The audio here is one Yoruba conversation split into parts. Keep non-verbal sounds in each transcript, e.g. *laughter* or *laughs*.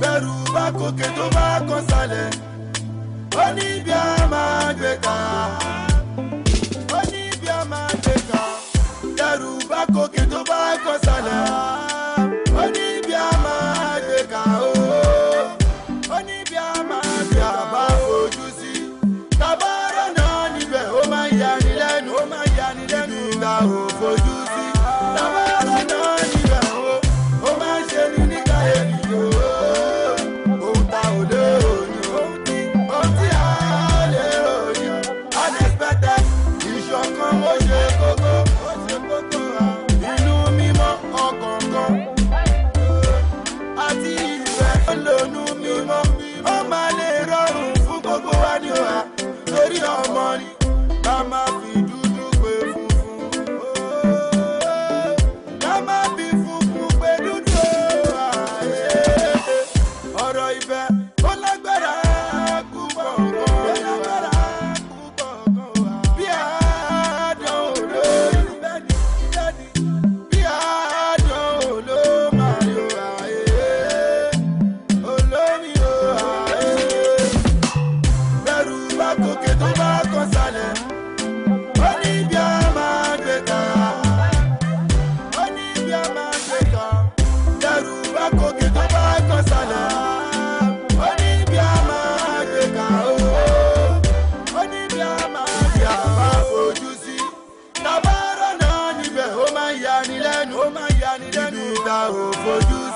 bẹ̀rù bá gòkè tó bá kàn sálẹ̀ ó ní ibi for you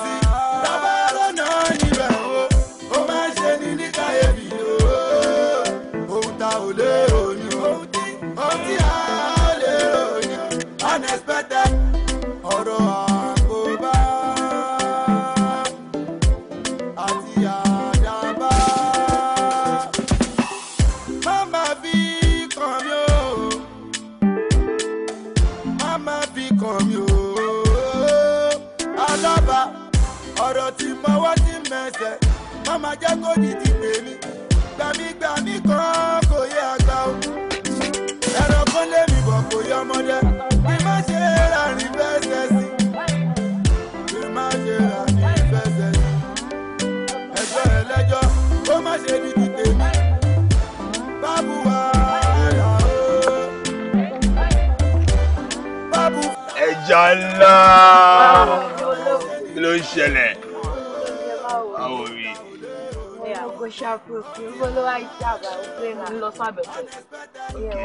má má jẹ́ kó dìdí pè mí gbàmígbàmí kan kò yẹ àgbà o ẹ̀rọ kó lé mi bọ̀ kò yẹ ọmọdé kí má ṣe ra rí fẹsẹ̀ sí kí má ṣe ra rí fẹsẹ̀ sí ẹjọ́ ẹlẹ́jọ́ kó má ṣe dìdí pè mí bábù wá rà o bábù. ẹja ńlá kí ló ń ṣẹlẹ̀. ṣàpòkì gbọ́dọ̀ wá ìjàmbá ọgbẹ́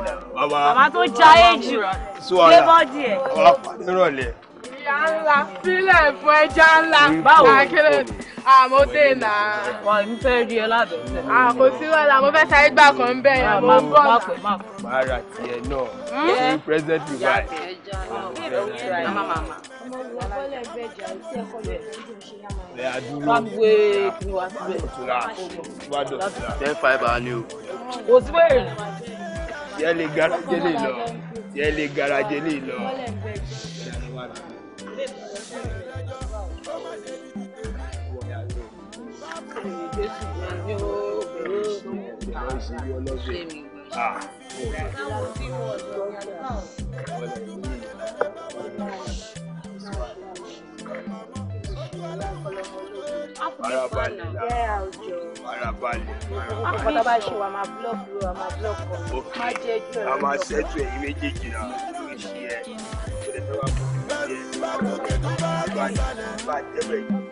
náà. tó já èjì dé bọ́dì ìyá ńlá sílẹ̀ fún ẹja ńlá. báwo àmọ́ dé nà. wà á fẹ́ rí ẹ ládọ́tẹ̀. àkó sí wàhálà mo fẹ́ sáré gbà kan bẹ́ẹ̀ yẹn mo ń bọ̀ nà. máa ra tiẹ̀ náà ní hmm? present you buy. ẹ adúlọ ten five ani o. kò sí wẹ́rẹ̀. tiẹ̀ lè garajẹ́ lè lọ tiẹ̀ lè garajẹ́ lè lọ. Àkọ́tà bá ṣe wà máa búlọ́ọ̀kì ló wà máa búlọ́ọ̀kì ọ̀. Má jẹ́ A máa ṣẹ́tù ẹ̀yìn méjèèjì náà lórí ìṣe ẹ̀. Bàjẹ́ bẹ̀rẹ̀.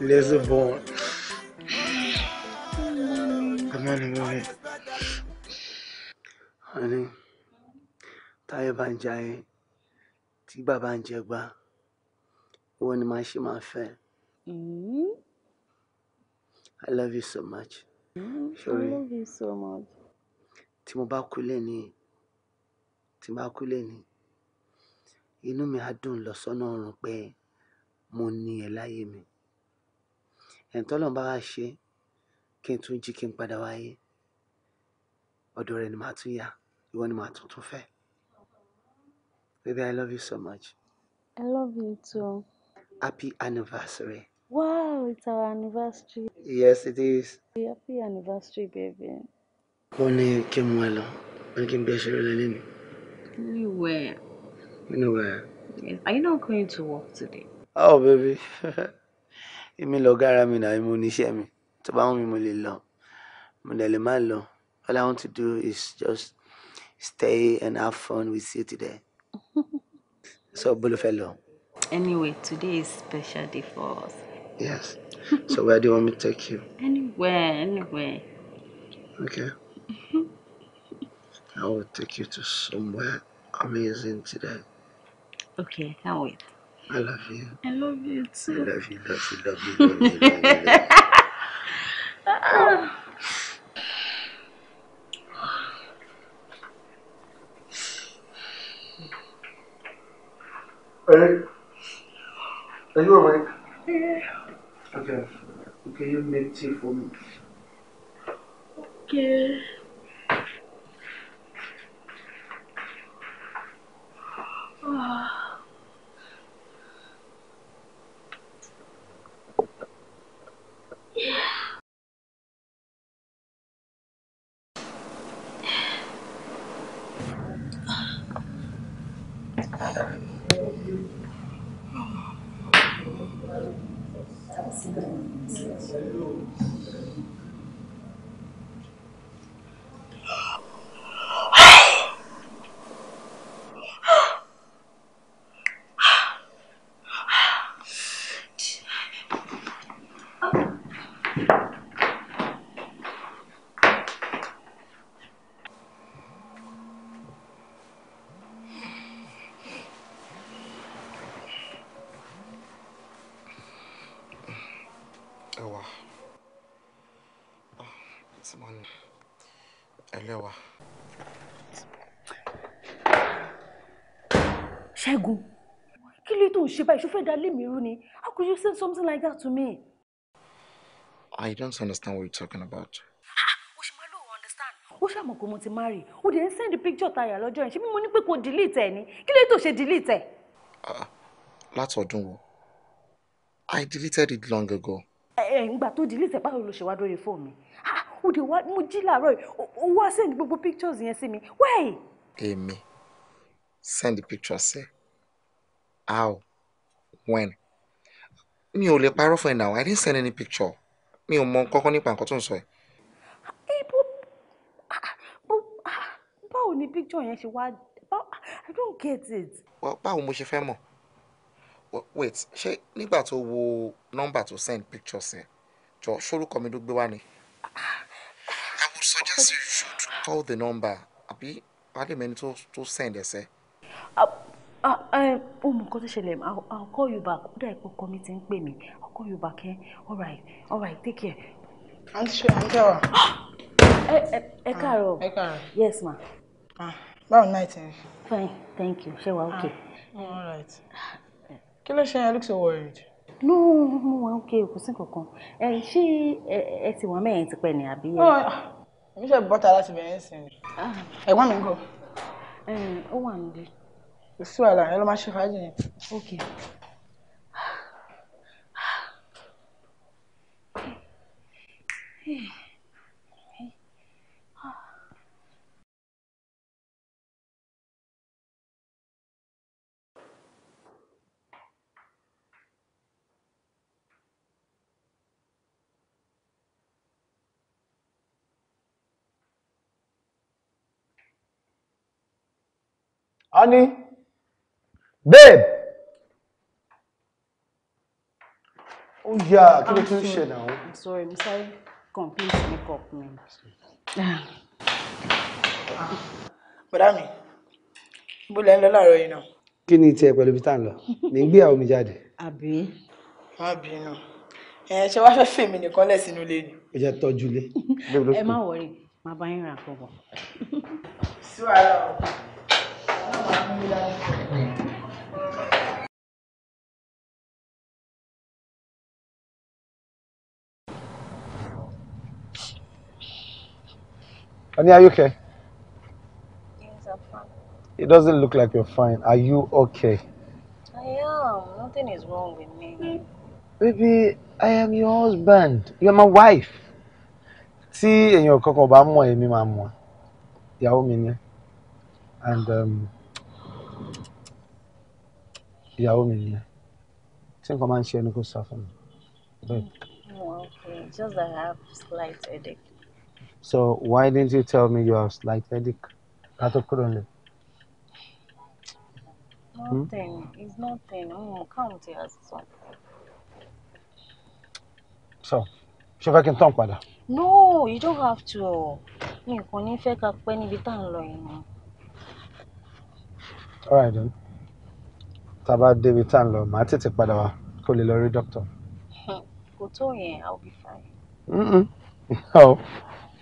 les born. Good morning, morning. Honey, táyé bá ń jayé, tí bàbá ń jẹgbá, ìwọ ni màá ṣì máa fẹ́. Mm-hmm. I love you so much. Mm, I love you so much. Tí mo bá kú lẹ́ni, tí mo bá kú lẹ́ni, inú mi á dùn lọ sọ́nà ọ̀run pé mo ní ẹ láyé mi ẹni bá wá ṣe kí n tún jí kí n padà wáyé ọ̀dọ̀ rẹ̀ ni màá tún yá ìwọ ni màá tún tún fẹ́. Baby, I love you so much. I love you too. Happy anniversary. Wow, it's our anniversary. Yes, it is. Happy anniversary, baby. Wọ́n ní kí n mú ẹ lọ, wọ́n ní kí n bí ẹ ṣeré lẹ́lẹ́ mi. Anywhere. Anywhere. Yes. Are you not going to work today? Oh, baby. *laughs* èmi lọ̀gá ara mi náà mo níṣẹ́ mi tó bá wọn mi mo lè lọ mo lè má lọ all I want to do is just stay and have fun with you today so bulu fẹ́ anyway today is special day for us. yes so where do you want me to take you. anywhere anywhere. okay. I will take you to somewhere amazing today. Okay, can't wait. I love you. I love you too. Love you, love you, love you, love you, love you. Love you. ah. Are you, are you awake? Yeah. Okay. Okay, you make tea for me. Okay. Oh. ṣe báyìí ṣó dá lé mi rú ni how could you send something like that to me. I don't understand what you're talking about. Ah, o ṣe máa lò ó understand. ó ṣàmọ̀ pé mo ti marry o dẹ̀ ń send picture tayà lọ́jọ́ yẹn ṣé mímọ ní pé kò delete ẹ̀ ni kí lè tó ṣe delete ẹ̀. Ah, látọ̀dún wo I deleted it long ago. ẹ ẹ tó delete ẹ báwo ló ṣe wá lórí fóònù mi ah, o de wa mo jí làárọ̀ o wá send gbogbo pictures yẹn sí mi wẹ́ẹ̀. èmi send the picture sí how when mi ò lè parọ́ fún ẹ i didn't send any picture mi ò mọ kankan nípa nǹkan tó ń sọ ẹ. báwo ni picture yẹn ṣe wá i don't get it. báwo mo ṣe fẹ́ mọ̀ wait ṣé nígbà tó wo nọ́mbà tó send pictures ẹ jọ sórúkọ mi ló gbé wá ni. i would suggest you should call the number àbí wàá lè mẹ́ni tó send ẹsẹ̀. Ah, ó ah, eh, mọ nǹkan tó ṣẹlẹ̀ I'll call you back ó dà ẹ̀pọ̀ kan mi ti ń pè mí I'll call you back ẹ́ eh? all right all right take care. à ń ṣe à ń jẹ́ wa. Ah! Eh, ẹ ah, káàárọ̀ ẹ káàárọ̀ yes ma. báwo náà ti rí. fine thank you ṣé wàá okay. all right kí ló ṣe yẹn look so worried. no mo wà okay kò sí kankan ṣé ẹ ti wà mẹ́rin ti pẹ́ ni àbí. Oh, mi ṣe bọ́tà láti bẹ̀rẹ̀ sí i ẹ̀gbọ́n mi ń kọ́. ó wà nílé. Suela, ela machucou a gente. O quê? Honey. babe Oh yeah, can we tún ṣe náà. i'm sorry mi sáré complete makeup mi. bọ̀dá mi bó lẹ́ ń lọ láàárọ̀ yìí náà. kí ni tiẹ̀ pẹ̀lú bí tá à ń lọ mi ń gbéyàwó mi jáde. àbí. má bínú ẹ ṣe wá fẹ́ fèmí nìkan lẹ̀ sínú ilé ni. ó jẹ́ tọ́jú ilé. ẹ má wọrí máa bá yín ràn kọ́ Honey, are you okay? Yes, I'm fine. It doesn't look like you're fine. Are you okay? I am. Nothing is wrong with me. Baby, I am your husband. You're my wife. Tí èèyàn kankan bá more èmi máa mọ̀. Ìyàwó mi ni. And um, ìyàwó mi ni. Tí nǹkan máa ń ṣe ẹni kò mm, okay, just that I have slight headache. So why didn't you tell me you have slight headache? That occurred only. Nothing. Hmm? It's nothing. Mm, count it as something. So, ṣé I kí n tán padà? No, you don't have to. You can ní fẹ́ ká pẹ́ níbi tá à All right then. Tá a bá débi tá à ń lọ, màá tètè padà wá kó lè lọ I'll be fine. Mm-mm. No. *laughs* Oh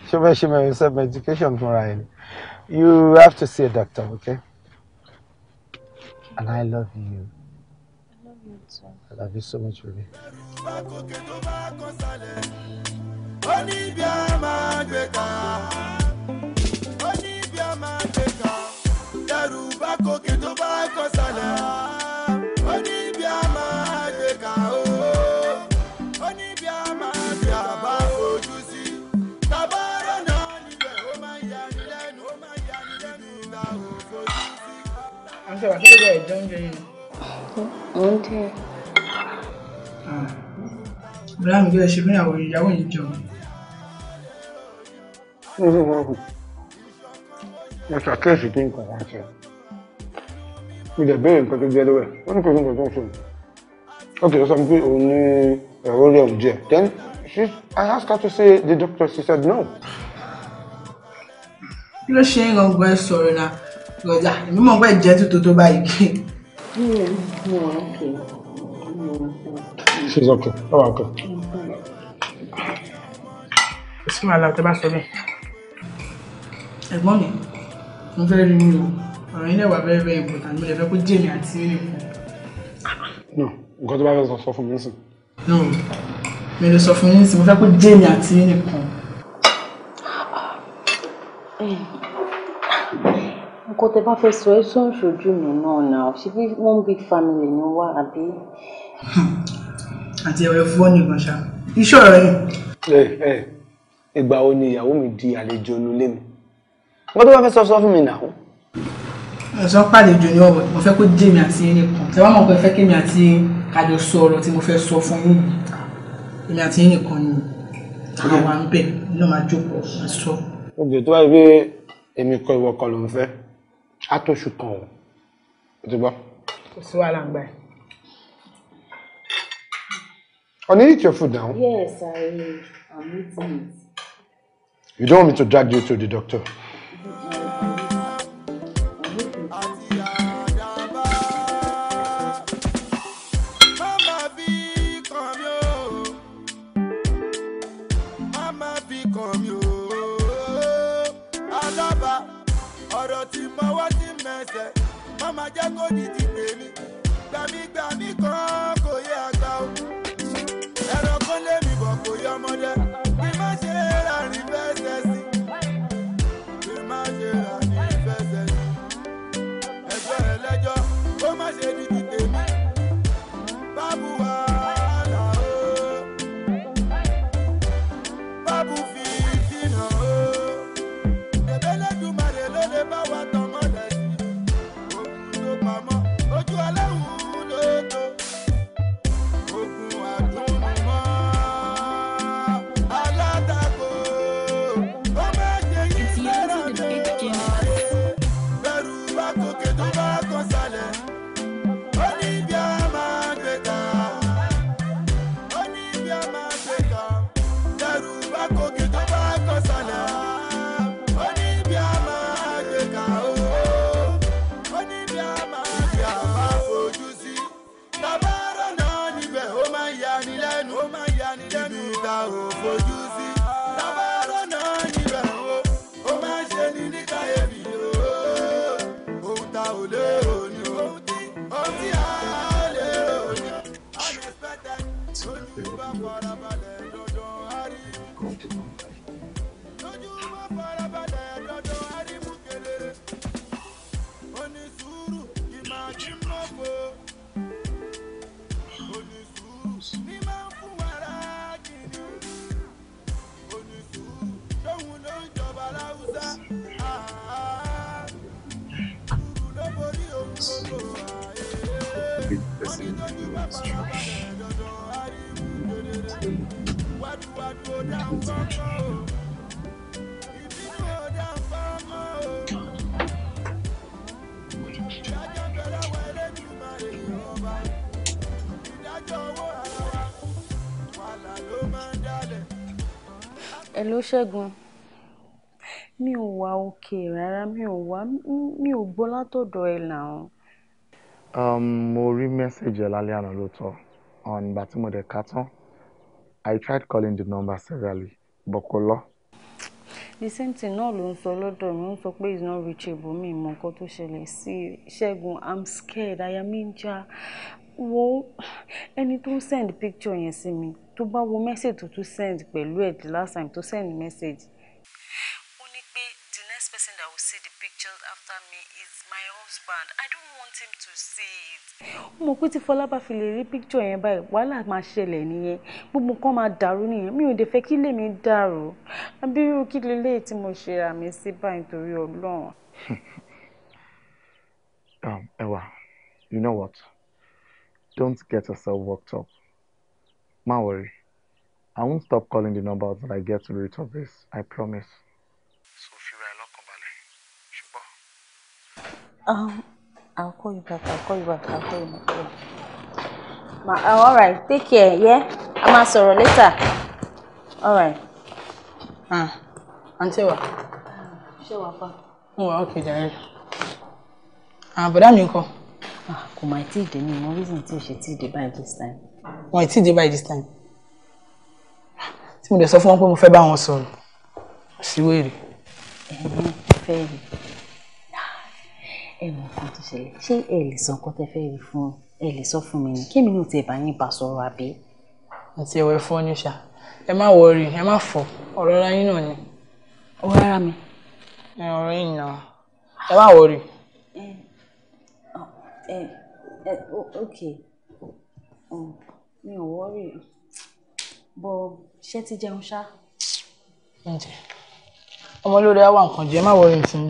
ṣé fẹ́ ṣe mẹ́rin self medication fúnra ẹ̀ ni you have to see a doctor okay? and I love you. I love you so much baby. Oníbi sọ̀rọ̀ kí ló dé ẹ̀jọ́ oúnjẹ yìí. Ah. mo ń tẹ. bùrá mi jẹ́ ṣe fúnyàwó ìyàwó yìí jọ. mo ṣàkíyèsí kí n kàn wá sí mo jẹ bẹ́ẹ̀ nǹkan tó jẹ́ lọ́wọ́ ẹ̀ wọ́n ní kò sí nǹkan tó ń ṣòro ó kì sọ pé òun ní ẹ̀rọ rẹ̀ ò jẹ́ then she I asked her to say the doctor she said no. kí ló ṣe é gangan ẹ sọ̀rọ̀ náà lọ́jà èmi mọ̀ pé jẹ́ tuntun tó báyìí kí. she's okay oh okay. kò sí wàhálà tó bá sọ bẹ́ẹ̀. ẹ̀gbọ́n mi mo fẹ́ rí mi o ọ̀rọ̀ yín lẹ́wà very very important mo lè fẹ́ kó jèmi àti mi nìkan. no nǹkan tó bá fẹ́ sọ fún mi nísìn. no mi lè sọ fún yín nísìn mo fẹ́ kó jèmi àti mi nìkan. nǹkan tẹ bá fẹ́ sọ ẹ sọ ìṣojú mi náà nà ọ ṣe bí one big family ni wá àbí. àti ẹ̀rọ fún ọ́nì ìbọn ṣá iṣẹ́ ọ̀rẹ́ yìí. ẹ ẹ ìgbà wo ni ìyàwó mi di àlejò olólè mi wọ́n tó bá fẹ́ sọ sọ fún mi nà ó. ẹ sọ pàlejò ni ọwọ mo fẹ́ kó jẹ mi àti yín nìkan tẹ wá mọ̀ pé fẹ́ kí mi àti kájọ sọ ọ̀rọ̀ tí mo fẹ́ sọ fún yín èmi àti yín nìkan ni àwọn à ń bẹ ní ọmọ àjọpọ̀ àṣọ. oge tó bá àtọ̀ṣù kan o o ti gbọ́. kò sí wàhálà ń gbà ẹ. Honey, oh, eat your food now. Yes, I am eating You don't want me to drag you to the doctor? Come you. ọ̀rọ̀ tí mọ́wọ́ ti mẹsẹ̀ wọ́n máa jẹ́ kó di ti pè mí gbàmígbàmí kan kò yẹ àgbà o ẹ̀rọ kó lé mi bọ̀ kò yẹ ọmọdé kí má ṣe rárín fẹsẹ̀ sí kí má ṣe rárín fẹsẹ̀ sí ẹjọ́ ẹlẹ́jọ́ kó má ṣe di. Hello Ṣẹ́gun mi ò wá òkè rárá mi ò wá mi ò gbọ́ látọ̀dọ̀ ẹ̀ làwọn. Um, mo rí mẹ́sẹ̀jì ẹ̀ lálẹ́ àná lóòótọ́ ọ̀nìgbà tí mo dẹ̀ ká tán I tried calling the number severally, but kò The same thing náà ló ń sọ lọ́dọ̀ mi, ó ń sọ not reachable mi mọ nǹkan tó ṣẹlẹ̀ sí Ṣẹ́gun, I'm scared, I am ń já. Wo ẹni tó send picture yẹn sí mi, tó bá wo message tó tún send pẹ̀lú ẹ̀ the last time to send message. Ó the next person that will see the pictures after me is my husband. I don't want him to see it mo pé tí Fọlá fi lè rí píkítọ̀ yẹn báyìí wàhálà máa ṣẹlẹ̀ nìyẹn gbogbo nǹkan máa dàrú nìyẹn mi ò dé fẹ́ kí ilé mi dàrú abirú kí leléyìí tí mo ṣe àmì sí báyìí torí Ọlọ́run. Ẹwà *laughs* um, you know what don't get yourself worked up ma worry I won't stop calling the number until I get to the root of this I promise. so fira ẹ lọ́kàn balẹ̀ ṣùgbọ́n. Um, I'll call you back. I'll call you back. I'll call you back. Yeah. Ma, uh, all right. Take care. Yeah. A máa sọ̀rọ̀ later. All right. Ah, àǹtí wa. Ṣé wàá pa? Oh, okay, ókè Ah, but I'm ńkọ́? Ah, kò máa tí ì dé ní mo reason tí o ṣe tí by this time. Wọ́n ì the ì by this time. See mo the sọ fún wọn pé mo fẹ́ bá wọn sọ̀rọ̀. Kò sí wèrè. Ẹ̀yin fẹ́ ẹ mọ nǹkan tó ṣẹlẹ̀ ṣé ẹ lè sọ nǹkan tẹ fẹ́ rí fún ẹ lè sọ fún mi ni kémi náà tẹ bá yín bá sọ̀rọ̀ àbí. àti ẹ̀wẹ̀ fún ọ́nì ṣá ẹ má wọrí ẹ má fọ ọ̀rọ̀ ara yín náà ni. ọ̀rọ̀ ara mi. ọ̀rọ̀ yín náà ẹ má wọrí. ok mi ò wọrí bọ ṣé ti jẹun ṣá. ǹjẹ́ ọmọ lórí á wà nǹkan jẹ má wọrí ìsìn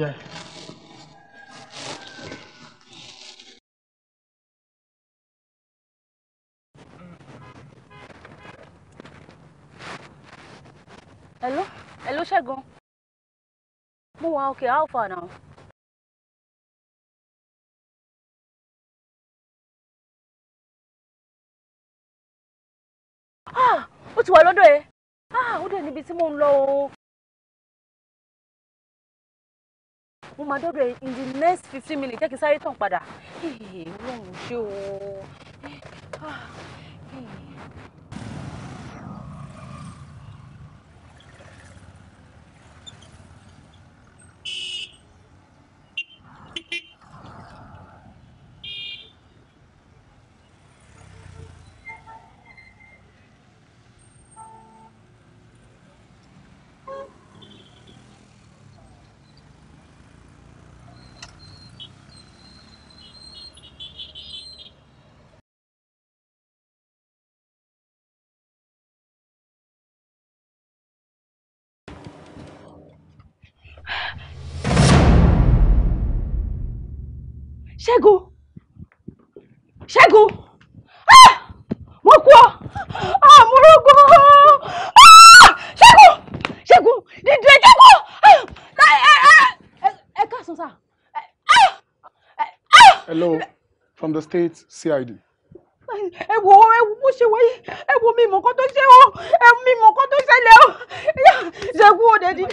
ṣe gan mo wà okay how far now. ah o ti wà lọ́dọ̀ ẹ̀ ah o dẹ̀ níbi tí mò ń lọ o. mo máa dọ́dọ̀ in the next fifteen minutes jẹ́ kí n sáré tàn padà. ọlọ́run ṣé o. Ah, ṣẹ́gun ṣẹ́gun wọ́n ah! kú ah, ọ àmúrógó ah! ṣẹ́gun ṣẹ́gun dídì ṣẹ́gun ẹ káàsán sá. hello from the state CID. ẹ wo ẹ wo bó ṣe wáyé ẹ wo mi mọ̀kọ́ tó ṣe o ẹ mi mọ̀kọ́ tó ṣẹlẹ̀ o ṣẹ́gun ò dẹ̀ di.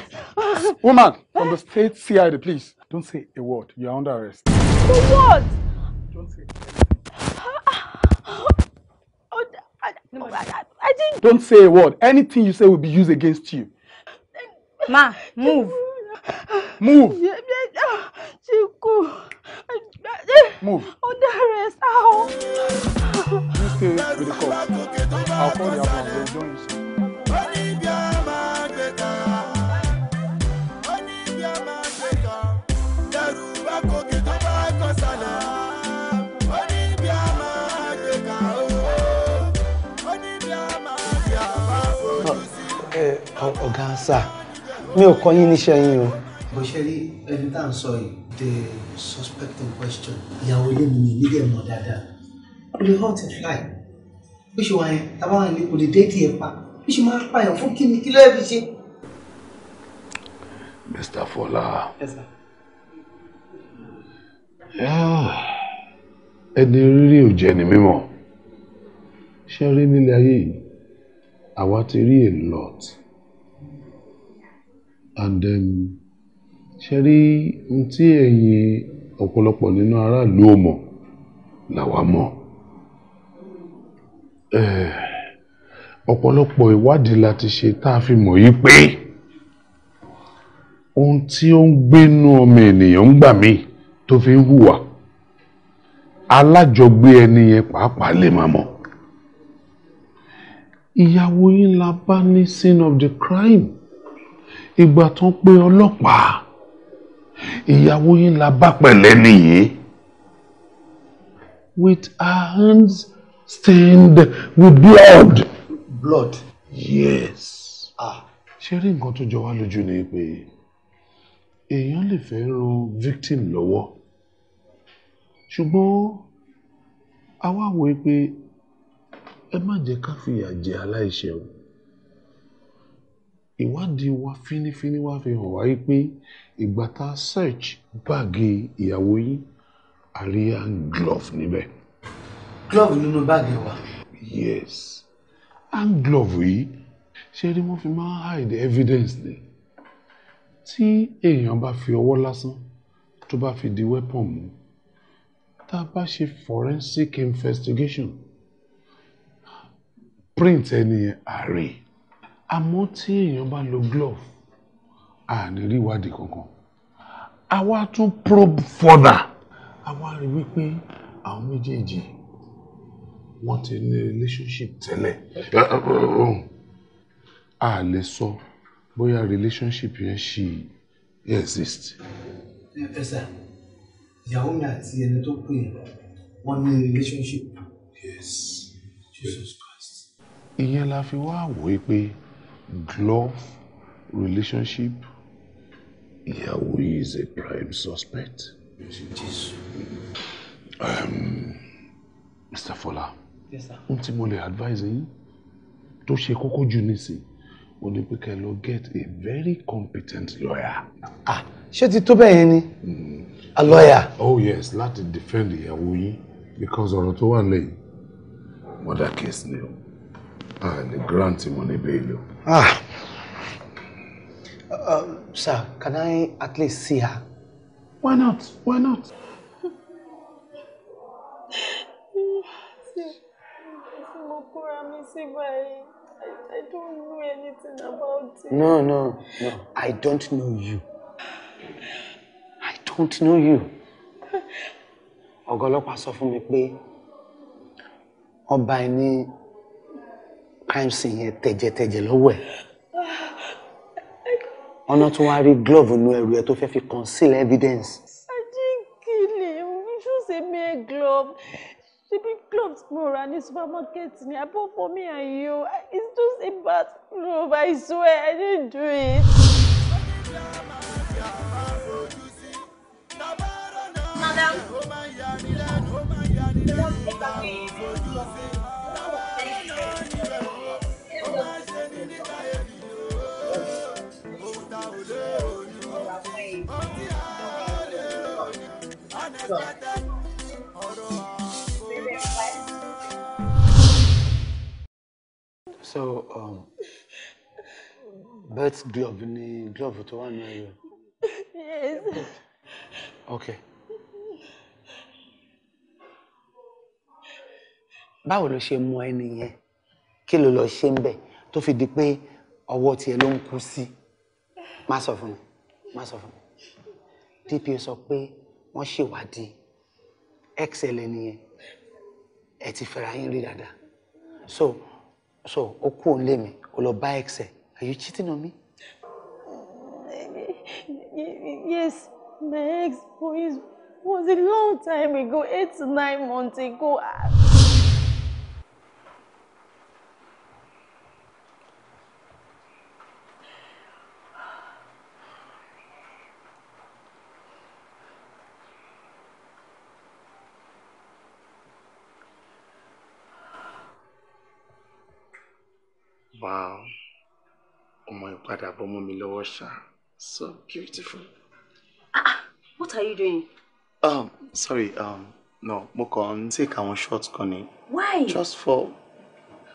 woman from the state CID please don't say a word you are under arrest. For what? Don't say anything. *sighs* Oh, Don't say a word. Anything you say will be used against you. Ma, move. Move. Move. Under arrest. Ow. You stay with the cop. I'll call the ambulance. Don't you say. ọ̀gá sà mi ò kọ́ yín níṣẹ́ yín o. bó ṣe rí ẹni tá à ń sọ yìí the suspect in question ìyàwó ilé mi ní ilé ẹ̀mọ́ dáadáa ó lè hàn ti fly bí ṣe wà yẹn tábà wà ní kò lè déètì ẹ̀ pa bí ṣe máa pààyàn fún kí kí ló ẹ̀ fi ṣe. Mr. Fola. Yes, sir. ẹni rírì ò jẹ́ ni mímọ̀ ṣé rí nílé ayé yìí àwa ti rí a lot and um, ṣe rí ohun tí ẹ̀yin ọ̀pọ̀lọpọ̀ nínú aráàlú ò mọ̀ làwa mọ̀ eh, ọ̀pọ̀lọpọ̀ ìwádìí la ti ṣe tá a fi mọ̀ yí pé ohun tí ó ń gbénú ọmọ ènìyàn ń gbà mí tó fi ń hùwà alájọgbé ẹni yẹn pàápàá lè máa mọ̀ ìyàwó yín la bá ní scene of the crime ìgbà tó ń pe ọlọ́pàá ìyàwó yín la bá pẹ̀lẹ́ nìyí with her hands stained with blood. blood. yes. Ah. ṣé rí nǹkan tó jọ wá lójú ni pé èèyàn lè fẹ́ ran victim lọ́wọ́ ṣùgbọ́n àwa wòye pé ẹ má jẹ́ ká fìyà jẹ aláìṣẹ̀ o ìwádìí wa fínífíní wá fi hàn wáyé pé ìgbà tá a search báàgì ìyàwó yín àríyá glove níbẹ̀. glove nínú báàgì wa. yes hand glove yìí ṣé ni wọ́n fi máa ń hide evidence ni tí èèyàn bá fi ọwọ́ lásán tó bá fi di weapon mú tá a bá ṣe forensic investigation print ẹni yẹn àárẹ̀ àmọ́ tí èèyàn bá lo glove àní rí ìwádìí kankan àwa tún probe further àwa rí wípé àwọn méjèèjì wọ́n ti ní relationship tẹ́lẹ̀ a lè sọ bóyá relationship yẹn ṣì exist. ẹ sà ìyàwó mi àti ẹni tó pè wọ́n ní relationship. yes Jesus Christ. ìyẹn la fi wá wòó pé glove relationship ìyàwó is a prime suspect. Um, Mr. Fola ohun tí mo lè advise yín tó ṣe kókó jù nísìn o ní pé kẹ́ lọ get a very competent lawyer. ah ṣé ti tó bẹ́ẹ̀ yẹn ni mm. a lawyer. oh yes láti defend ìyàwó yín because ọ̀rọ̀ tó wà lẹ́yìn murder case ni o ah, and grant him on a bail Ah. Uh, uh, sir, can I at least see her? Why not? Why not? I don't know anything about it. No, no, no. I don't know you. I don't know you. Ọ̀gá ọlọ́pàá sọ fún mi pé ọba ẹni crime scene yẹn tẹ̀jẹ̀tẹ̀jẹ̀ lọ́wọ́ ẹ̀ ọ̀nà tó wá rí glove inú ẹrù ẹ̀ tó fẹ́ fi conceal evidence. ajínkìlì ṣùṣe mi ẹ glove ṣebí gloves mo rà ní supermarket ni i bought for me and you it's just a bad glove i swear i didn't do it. Madam. sọ. so um, bet glove ni glove to one ní yes. okay. báwo ló ṣe mú ẹni yẹn kí ló lọ ṣe ń bẹ tó fi di pé ọwọ́ tiẹ̀ ló ń kú sí má sọ fún mi má sọ fún mi dp sọ pé wọ́n ṣèwádìí xl nìyẹn ẹ ti fẹ́ra yín rí dáadáa so so ó kú òun lé mi ó lọ bá xl are you cheating on me. yes my ex boy was a long time ago eight to nine months ago. I... Wow. Ọmọ ìpadà bọ́mọ mi lọ́wọ́ ṣá. So beautiful. Ah, ah, what are you doing? Um, sorry, um, no, mo kàn take àwọn short kan ni. Why? Just for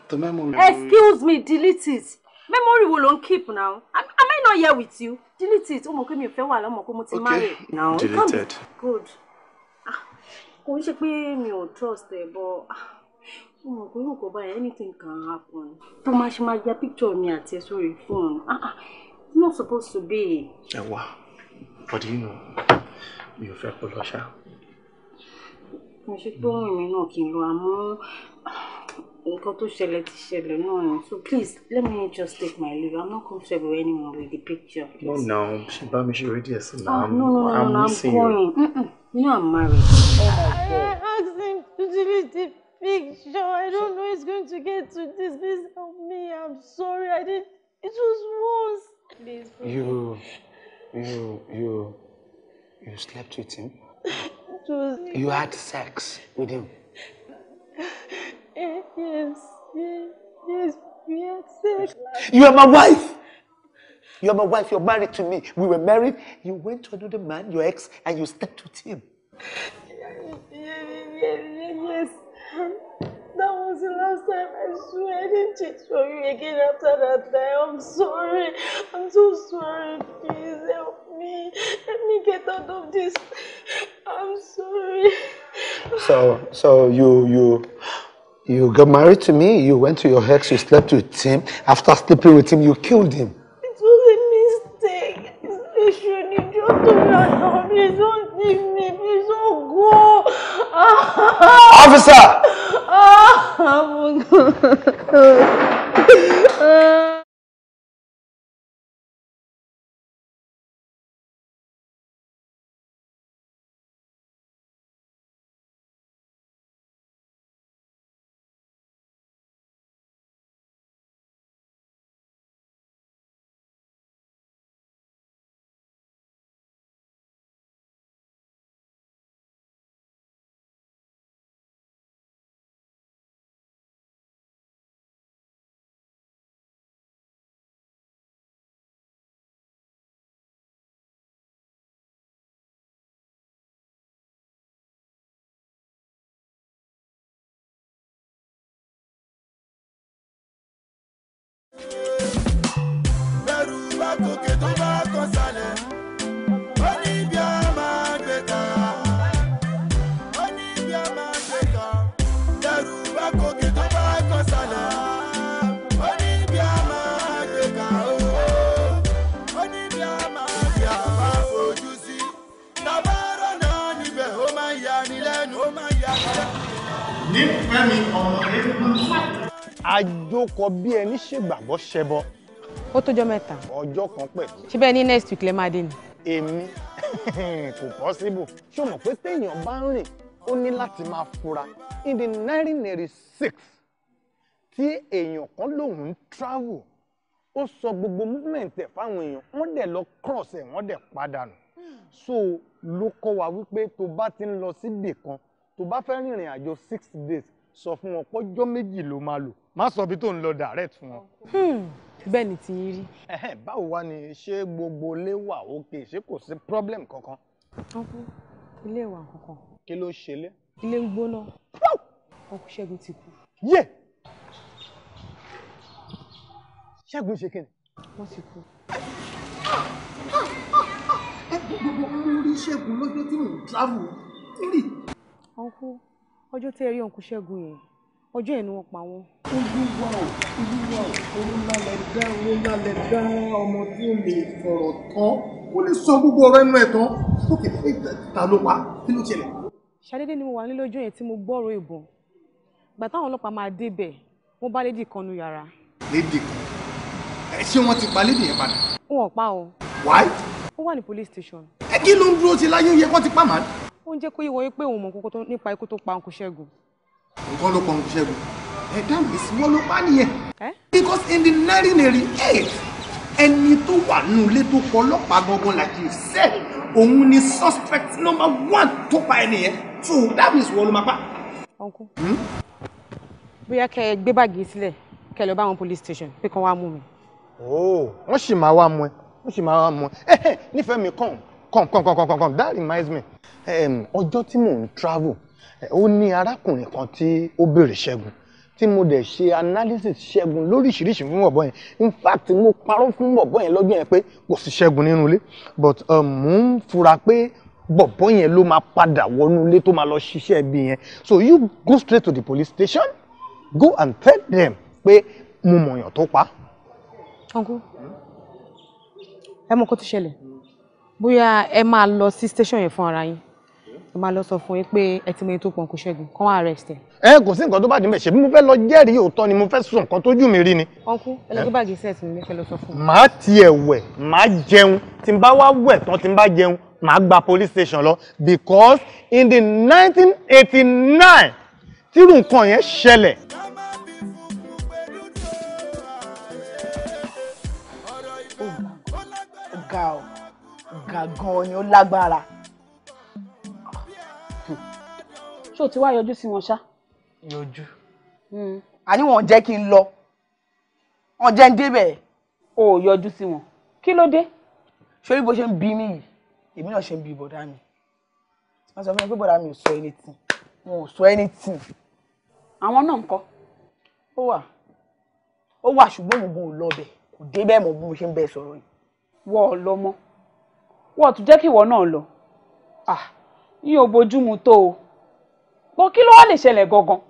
the memory. Excuse me, delete it. Memory wo ló ń keep now? Am, I not here with you? Delete it. Ó mọ̀ pé mi ò fẹ́ wà lọ́mọ pé mo ti marry. Okay, now. deleted. Good. Ah, kò ń ṣe pé mi ò trust ẹ̀ but. Ah, ṣé mo pé irú nǹkan báyìí anything can happen tó máa ṣe máa ya picture mi àti ẹ sórí fóònù ah ah it's not supposed to be. ẹ wá but you know mi ò fẹ́ kó lọ ṣá. mo ṣe pé ohun mi náà kì í lo àmọ́ ah, nǹkan tó ṣẹlẹ̀ ti ṣẹlẹ̀ náà ni so please let me just take my leave i'm not comfortable anymore with the picture. Please. no no ṣe bá mi ṣe rédíò sí i now i'm no, no, no, i'm no, no, I'm you. Mm -mm. you i'm married. Oh my God. I asked him to delete it. Big show. I don't know it's going to get to this. Please help me. I'm sorry. I didn't. It was once. Please. You, you, you, you slept with him. It was. You had sex with him. Eh, yes, yes, yes. We had sex. You are my wife. You are my wife. You're married to me. We were married. You went to another man, your ex, and you slept with him. Yes, yes, yes. That was the last time I swear I didn't cheat for you again after that day. I'm sorry. I'm so sorry. Please help me. Let me get out of this. I'm sorry. So so you you you got married to me, you went to your ex, you slept with him. After sleeping with him, you killed him. It was a mistake. Please, you need to run. Please don't leave me. Please don't Officer! *laughs* Oh, tòkè tó bá kọ sálẹ̀. ó ní bí a máa gbé ta. ó ní bí a máa gbé ta. ni lẹ́nu. ó máa bí ẹni ṣègbàgbọ́ ṣẹbọ ó tójọ́ mẹ́ta. ọjọ́ kan pẹ̀lú. síbẹ̀ ní next week lẹ́ máa dé ni. èmi *laughs* kò possible ṣé o mọ̀ pé téèyàn bá ń rìn ó ní láti máa fura in the nineteen ninety six tí èèyàn kan lòun ń travel ó sọ gbogbo movement ẹ̀ fáwọn èèyàn wọ́n dẹ̀ lọ cross ẹ̀ wọ́n dẹ̀ padà nù so ló kọ́ wa wípé tó bá ti ń lọ síbì kan tó bá fẹ́ rìnrìn àjò six days sọ fún wọn pọ́jọ́ méjì ló máa lò má sọ bí tó ń lọ direct fún wọn. Hmm bẹ́ẹ̀ ni ti rí. báwo wá ni ṣé gbogbo ilé wà òkè ṣé kò sí problem kankan. ọkọ ilé wà kankan. kí ló ṣe lé. ilé ń gbóná ọkọ ṣẹ́gun ti kú. yé ṣẹ́gun ṣe kíni. wọ́n ti kú. ẹ gbogbo mo rí ṣẹ́gun lọ́jọ́ tí mò ń travel rí. ọkọ ọjọ́ tí ẹ rí ọkọ ṣẹ́gun yẹn ọjọ́ yẹn ni wọ́n pa wọ́n olúwa ò olúwa ò owó ńlá lẹ dá owó ńlá lẹ dá ọmọ tí ó lè sọ̀rọ̀ tán ó lè sọ gbogbo ọ̀rọ̀ ẹnu ẹ̀ tán lókè ta ló pa kí ló ṣẹlẹ̀. ṣàdédé ni mo wà nílójú yẹn tí mo gbọ́rọ̀ ìbọn gbà táwọn ọlọ́pàá máa débẹ̀ wọ́n bá lédì kan nu yàrá. lédì kan ṣé wọ́n ti pa lédì yẹn padà. wọn ò pa o. wáyé. ó wà ní police station. ẹ kí ló ń dúró sí láyé ó kó ti pa màá. ó ń jẹ́ kó yé wọ́n pé òun mọ̀ nípa ikú tó pa ọkùnrin nǹkan ló pa ọkùnrin ẹ̀dá mi sí wọ́n ló bá nìyẹn. because in the ordinary case ẹni tó wà nù ilé tó kọ ọlọ́pàá gangan like you said òun ni suspect number one tó pa ẹni yẹn so that means wọ́n ló máa pa. ọ̀nkú hmm? bóyá kẹ ẹ gbé báàgì sílẹ̀ kẹ lọ bá wọn police station pé kàn wá mú mi. ooo oh, wọ́n sì máa wá mú ẹ wọ́n sì máa wá mú ẹ ẹ *laughs* nífẹ̀ẹ́ mi kàn kàn kàn kàn kàn kàn that reminds me ọjọ́ tí mò ń travel ó ní arákùnrin kan tí ó béèrè ṣẹ́gun tí mo dẹ̀ ṣe analysis ṣẹ́gun lóríṣiríṣi fún bọ̀bọ̀ yẹn in fact mo parọ́ fún bọ̀bọ̀ yẹn lọ́jọ́ yẹn pé kò sí ṣẹ́gun nínú ilé but mo um, ń fura pé bọ̀bọ̀ yẹn ló máa padà wọnú ilé tó máa lọ ṣiṣẹ́ ibi yẹn so you go straight to the police station go and tell them pé mo mọ̀yàn tó pa. ọ̀gùn ẹ mọ̀ kó tó ṣẹlẹ̀ bóyá ẹ máa lọ sí station yẹn fún ara yín ẹ máa lọ sọ fún yín pé ẹ ti mọ ètò pọ̀nkú ṣẹ́gun kán wá arrest ẹ. ẹ kò sí nǹkan tó bàjẹ́ mẹ́ṣẹ́ bí mo fẹ́ lọ jẹ́rìí òótọ́ ni mo fẹ́ sọ nǹkan tójú mi rí ni. ọ̀nkú ẹ lọ gbé báàgì sẹ́ẹ̀ tí mi fẹ́ lọ sọ fún un. màá tiẹ̀ wẹ̀ màá jẹun tí n bá wá wẹ̀ tán tí n bá jẹun màá gba police station lọ because in the nineteen eighty nine tírú nǹkan yẹn ṣẹlẹ̀ ga ọ ga gan ni ó lágbára ṣó ti wá yọjú sí wọn ṣá. yọjú. àní hmm. wọn jẹ́ kí n lọ wọn jẹ́ ń débẹ̀. o ò yọjú sí wọn kí ló dé. sórí bó ṣe ń bí mi yìí èmi náà ṣe ń bí bọ̀dá mi wọ́n sọ fún mi pé bọ̀dá mi ò sọ anything wọn ò sọ anything. àwọn náà ń kọ́. ó wà ó wà ṣùgbọ́n òun ò lọ bẹ̀ kò débẹ̀ mọ́ bí mo ṣe ń bẹ sọ̀rọ̀ yìí. wọ́ọ̀ lọ mọ́ wọ́ọ̀ tún jẹ́ kí ìwọ náà lọ ah yín ò bójú mu tó o bó kí ló wá lè ṣẹlẹ̀ gangan.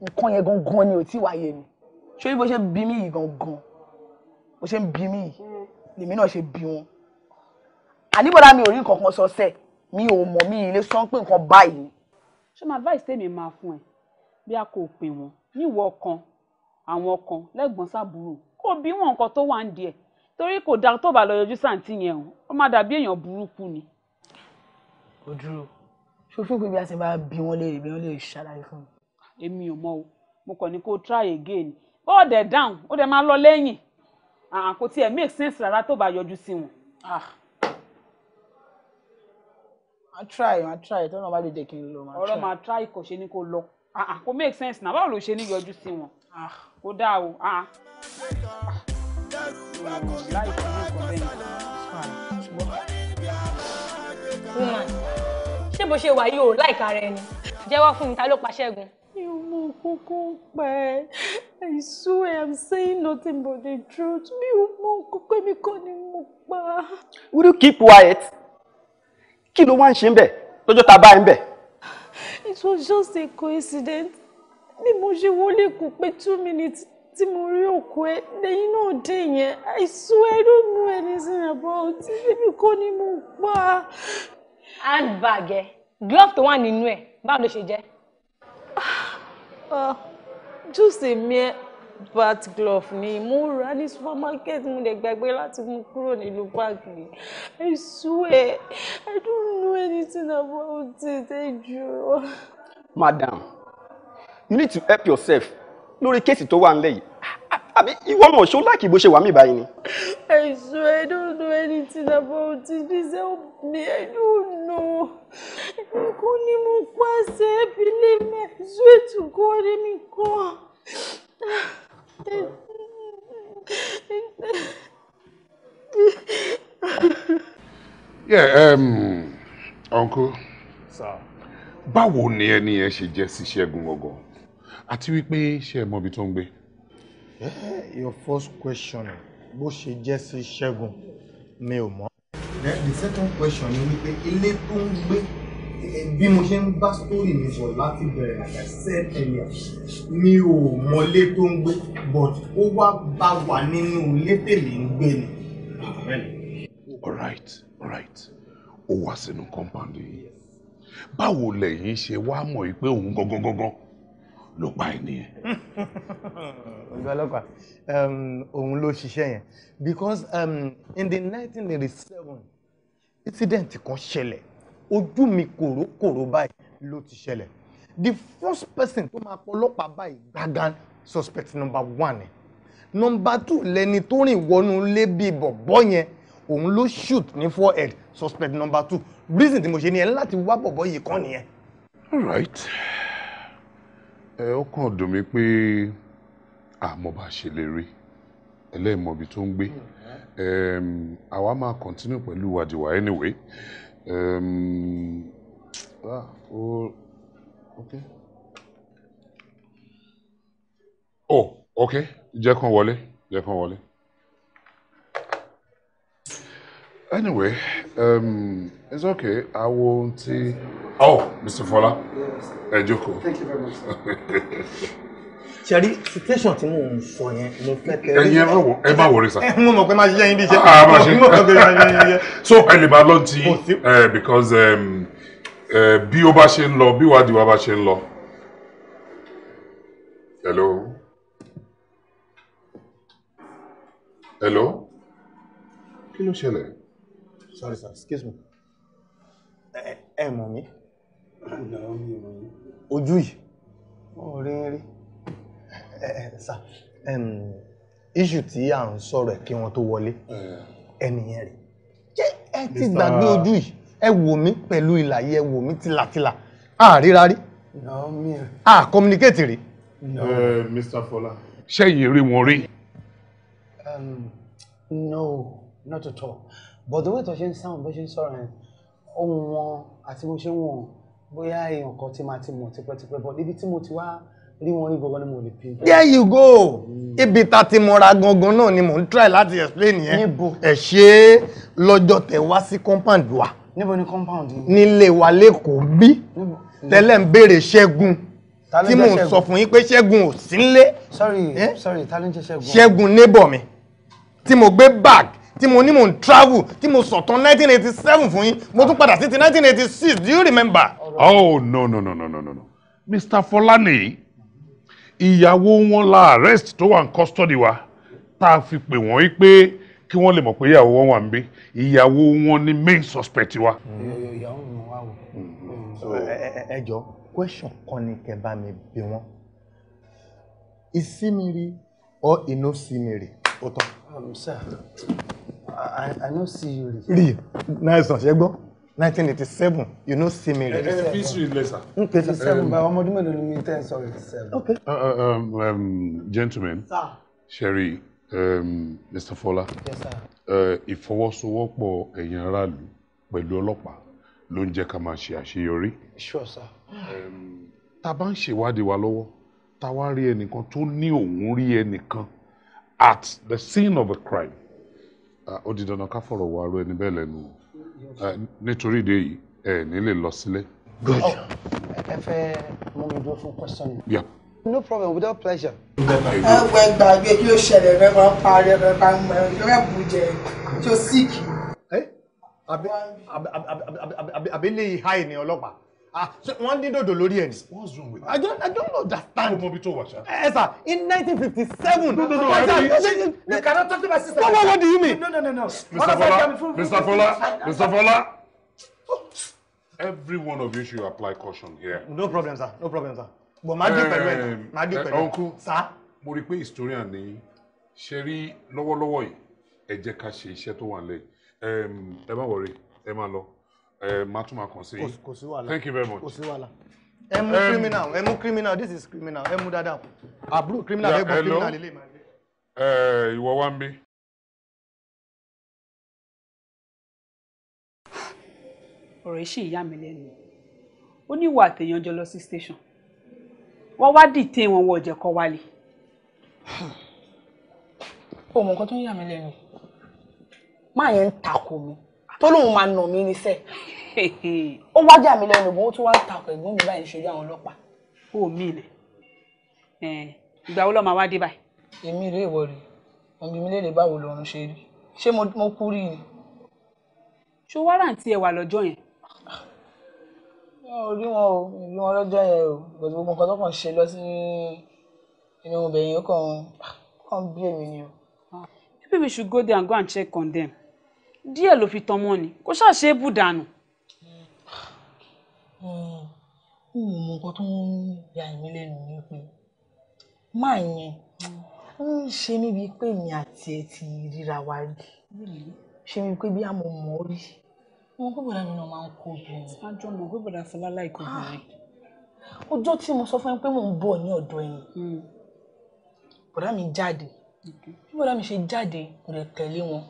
nǹkan yẹn gangan ni ò tí wáyé mi ṣé bí mo ṣe bí mí yìí gangan bó ṣe ń bí mí yìí mm. lèmi náà ṣe bí wọn àníbọ̀dá mi ò rí nǹkan kan sọ sẹ́ẹ̀ mi ò mọ̀ mi ilé sọ pé nǹkan báyìí. ṣé mo advice tèmi máa fún ẹ bí a kò pè wọn níwọ ọkàn àwọn ọkàn lẹ́gbọ̀n sábúrò kò bí wọn nǹkan tó wà ń di ẹ̀ torí kò dáa tó bá lọ yọjú sáǹtì yẹn o ó má dàbí èèyàn burúkú ni. ojúrò ṣó fún pé bí a ṣe bá bí wọn léèrè bí wọn lè ṣàlàyé fún mi. èmi ò mọ o mo kàn ní kó o try again ó dẹ̀ down ó dẹ̀ máa lọ lẹ́yìn kò tiẹ̀ make sense rárá tó bá yọjú sí wọn. máa try máa try tọ́nà bá lè jẹ́ kí n lọ máa try. ọ̀rọ̀ máa try kò ṣe ni kò lọ kò make sense náà báwo ló ṣe ní yọjú sí wọn kò dáa o. láìpẹ́ ṣé bó ṣe wà yìí ò láìka rẹ ni jẹ́wọ́ fún mi ta ló pa Ṣẹ́gun. ìwọ kókó pẹ I swear I'm saying nothing but the truth mi ò mọ kókó mi kọ́ ni mo pa. will you keep quiet kí ló wá ń ṣe ń bẹ̀ lọ́jọ́ tá a bá ń bẹ̀. it was just a coincidence bí mo ṣe wọlé kò pé two minutes tí mo rí òkú ẹ lẹ́yìn náà dé yẹn I swear I don't know anything about it bíbí kọ́ ni mo pa handbag ẹ glove tó wà nínú ẹ báwo ló ṣe jẹ. just a mere bat glove ni mo rà ní supermarket mo lè gbàgbé láti mú kúrò nínú bag mi i swear i don't know anything about it ẹ jọ̀ọ́. madam you need to help yourself lórí kéèsì tó wà nílẹ̀ yìí àbí ìwọ mọ̀ ṣó láàkì bó ṣe wà mí báyìí ni. ẹ̀sùn ẹ don't know anything about it please help me I don't know. kò ní mo pàṣẹ ẹbílẹ̀ mi ẹ̀sùn ètò gọ́ọ̀rẹ́ mi kan. yeah, um, uncle. Sir. báwo ni ẹni yẹn ṣe jẹ́ sí Ṣẹ́gun gangan àti wípé ṣé ẹ mọ ibi Eh, your first question bó ṣe jẹ́ sí Ṣẹ́gun mi ò mọ̀. Eh, the second question ni wípé ilé tó ń gbé eh, bí mo ṣe ń bá story mi bọ̀ láti bẹ̀rẹ̀ like I said earlier mi ò mọlé tó ń gbé but ó wá bá wà nínú ilé tèmi ń gbé ni. alright alright ó wá sínú compound yìí báwo lẹ̀yin ṣe wá mọ̀ pé òun gangan gangan ló pa ẹ nìyẹn. ọ̀gá *laughs* ọlọ́pàá um, òun ló ṣiṣẹ́ yẹn because um, in the nineteen eighty seven incident kan ṣẹlẹ̀ ojú mi kòrókòró báyìí ló ti ṣẹlẹ̀ the first person tó máa pọlọ́pàá báyìí gbàgán suspect number one number two lẹni tó rìn wọnú ilé bíi yẹn òun ló shoot ní forehead suspect number two reason tí mo ṣe ni ẹ láti wá bọ̀bọ́ yìí kàn nìyẹn. all right ẹ ó kàn dùn mí pé àmọ́ bá ṣe lè rí ẹlẹ́mọ̀bí tó ń gbé àwa máa continue pẹ̀lú wàdìwà anyway. Um, ah, oh, okay. oh okay jẹ́ kán wọlé jẹ́ kán wọlé. Anyway, um, it's okay. I won't. See... Oh, Mr. Fola. Yes. Ẹ jókòó. Thank you very much. Charlie, *laughs* situation is mò ń sọ yẹn mo fẹ́ kẹ́. Ẹyin ẹ wọ ẹ *laughs* máa wọlé ah, ah, sa. So I'm lè to lọ ti eh, because um, eh, bí ó bá ṣe ń lọ bí ìwádìí wa bá ṣe ń lọ. Hello. Hello. Kí ló sorry sir excuse me ẹ ẹ mọ̀ mí. ojú yìí wọn rí rí ẹ ẹ sà issue tí à ń sọ̀rọ̀ ẹ̀ kí wọ́n tó wọlé ẹnìyẹn rè jẹ́ ẹ ti gbàgbé ojú yìí ẹ wò mí pẹ̀lú ìlà yìí ẹ wò mí tìlàtìlà àríra rí à communicate rí. Mr. Fola ṣẹ́yìn rí wọn rí. no not at all but the way tó ṣe ń sound bó ṣe ń sọ̀rọ̀ yẹn ohun wọn àti bó ṣe ń wọ̀n bóyá èèyàn kan ti máa ti mọ̀ tipẹ́tipẹ́ but níbi tí mo ti wá rí wọn rí gbogbo ni mo lè pè. there you go hmm. ibi ta ti mọra gangan náà ni mo ń try láti explain yẹn ẹ ṣe lọ́jọ́ tẹ wá sí compound wa. níbo ni compound yìí. nílé wa lẹ́kọ̀ọ́ bí tẹ́lẹ̀ ń béèrè ṣẹ́gun tí mò sọ fún yín pé ṣẹ́gun ò sí sorry eh? sorry ta ló ń jẹ́ ṣẹ́gun neighbor mi tí mo gbé bag tí mo ní mò ń travel tí mo sọ̀tàn 1987 fún yín mo tún padà sí ti 1986 do you remember. oh no no no no no no mr Fọláni ìyàwó wọn la arrest tó wà ní custody wa tá a fi pè wọ́n yí pé kí wọ́n lè mọ̀ pé ìyàwó wọn wà ń bí ìyàwó wọn ni main suspect wa. ìyàwó mi wá wò ẹ jọ question kan ni kẹ́ bá mi bí wọn ìsímiri or ìnósímiri ó tán. I, I no see you re. nice one ṣe gbọ́ nineteen eighty seven you no see me re. Ẹ ẹ please read later. N thirty seven um, báyọ̀ ọmọ ọdún mélòó ni mi ten sorry eighty seven. Okay. Uh, uh, um, um, gentlemen, Sherry, um, Mr. Fola, yes, sir. Uh, ìfọwọ́sowọ́pọ̀ ẹ̀yin aráàlú pẹ̀lú ọlọ́pàá ló ń jẹ́ ká máa ṣe àṣeyọrí. Sure, sir. Um, tá a bá ń ṣèwádìí wa lọ́wọ́ tá a wá rí ẹnìkan tó ní òun rí ẹnìkan at the scene of a crime ó di dandan ká fọ̀rọ̀ wá aró ẹni bẹ́ẹ̀ lẹ́nu o nítorí ìdí èyí ẹ ní lè lọ sílé. good. ẹ fẹ́ mú mi dúró fún question. yeah. no problem without pleasure. ẹgbẹ́ gbàgbé kí ló ṣẹlẹ̀ rẹ máa ń parí rẹ máa ń mọ rẹ bù jẹ tó síkì. àbí àbí àbí àbí àbí àbí àbí lè háì ní ọlọ́pàá. Ah, wọ́n dín dòdò lórí ẹ̀ ni. what's wrong with that. i don't i don't understand. ọmọ mi tó wà ṣá. ẹ eh, sà in nineteen fifty seven. no no no i mean you cannot talk to my sister. what what do you mean. no no no no. mr fola mr fola mr fola. every one of you should apply caution here. no problem sir no problem sir. but máa dín pẹ̀lú ẹ̀ máa dín pẹ̀lú ẹ̀. uncle sir. mo rí i pé historian ni ṣe rí lọ́wọ́lọ́wọ́ yìí ẹ jẹ́ ká ṣe iṣẹ́ tó wà nílẹ̀ ẹ má wọrí ẹ má lọ. ẹ máa tún máa thank you very much kò sí wàhálà ẹ criminal emu criminal this is criminal emu dada dáadáa criminal ẹ gbọ́ criminal lè lè máa lè. ẹ ìwọ wá ń bí. ọ̀rọ̀ ìṣe ìyá mi lẹ́nu ó ní ìwà àtẹ̀yàn jọ lọ sí station wọ́n wa dìtẹ̀ wọn wọ ọ̀jẹ̀ kọ́ wálé. ó mọ nǹkan tó ń yà mí lẹ́nu máa yẹn ń tó lóun máa nà mí níṣẹ́ ó wá jà mí lẹ́nu bó tún wá ń takò ẹ̀gbọ́n mi báyìí níṣojú àwọn ọlọ́pàá. ó mi ilẹ̀ ìgbà wo ló máa wá dé báyìí. èmi rè wọ rè wọn bí mi lè lè báwo lọrùn ṣe rí ṣé mo kú rí ni. ṣó wáràǹtì ẹ wà lọ́jọ́ yẹn. wọn ò rí wọn o rí wọn lọ́jọ́ yẹn o gbọ̀dọ̀ gbogbo nǹkan tó kàn ṣe lọ sí inú ibẹ̀ yẹn ó kàn kàn bí èmi ni o. Ah. maybe we should go there and go and check on them díẹ̀ ló fi tọmọ ni kó ṣàṣe bù dànù. n hmm, ò mọ nǹkan tó ń ya èmi lẹ́nu ni pé máa yẹn ń ṣe mí bíi pé mi àti ẹ ti ríra wa rí ṣe mí pé bí a mọ̀ mọ́ rí wọn kó bọ̀dá mi náà máa ń kó obìnrin. àjọ mọ̀ kó bọ̀dá fọlá láìkó obìnrin. Ah, ọjọ́ tí mo sọ fún yín pé mò ń bọ̀ ní ọ̀dọ̀ yín hmm. bọ̀dá mi jáde bí bọ̀dá mi ṣe jáde mo lè tẹ̀lé wọn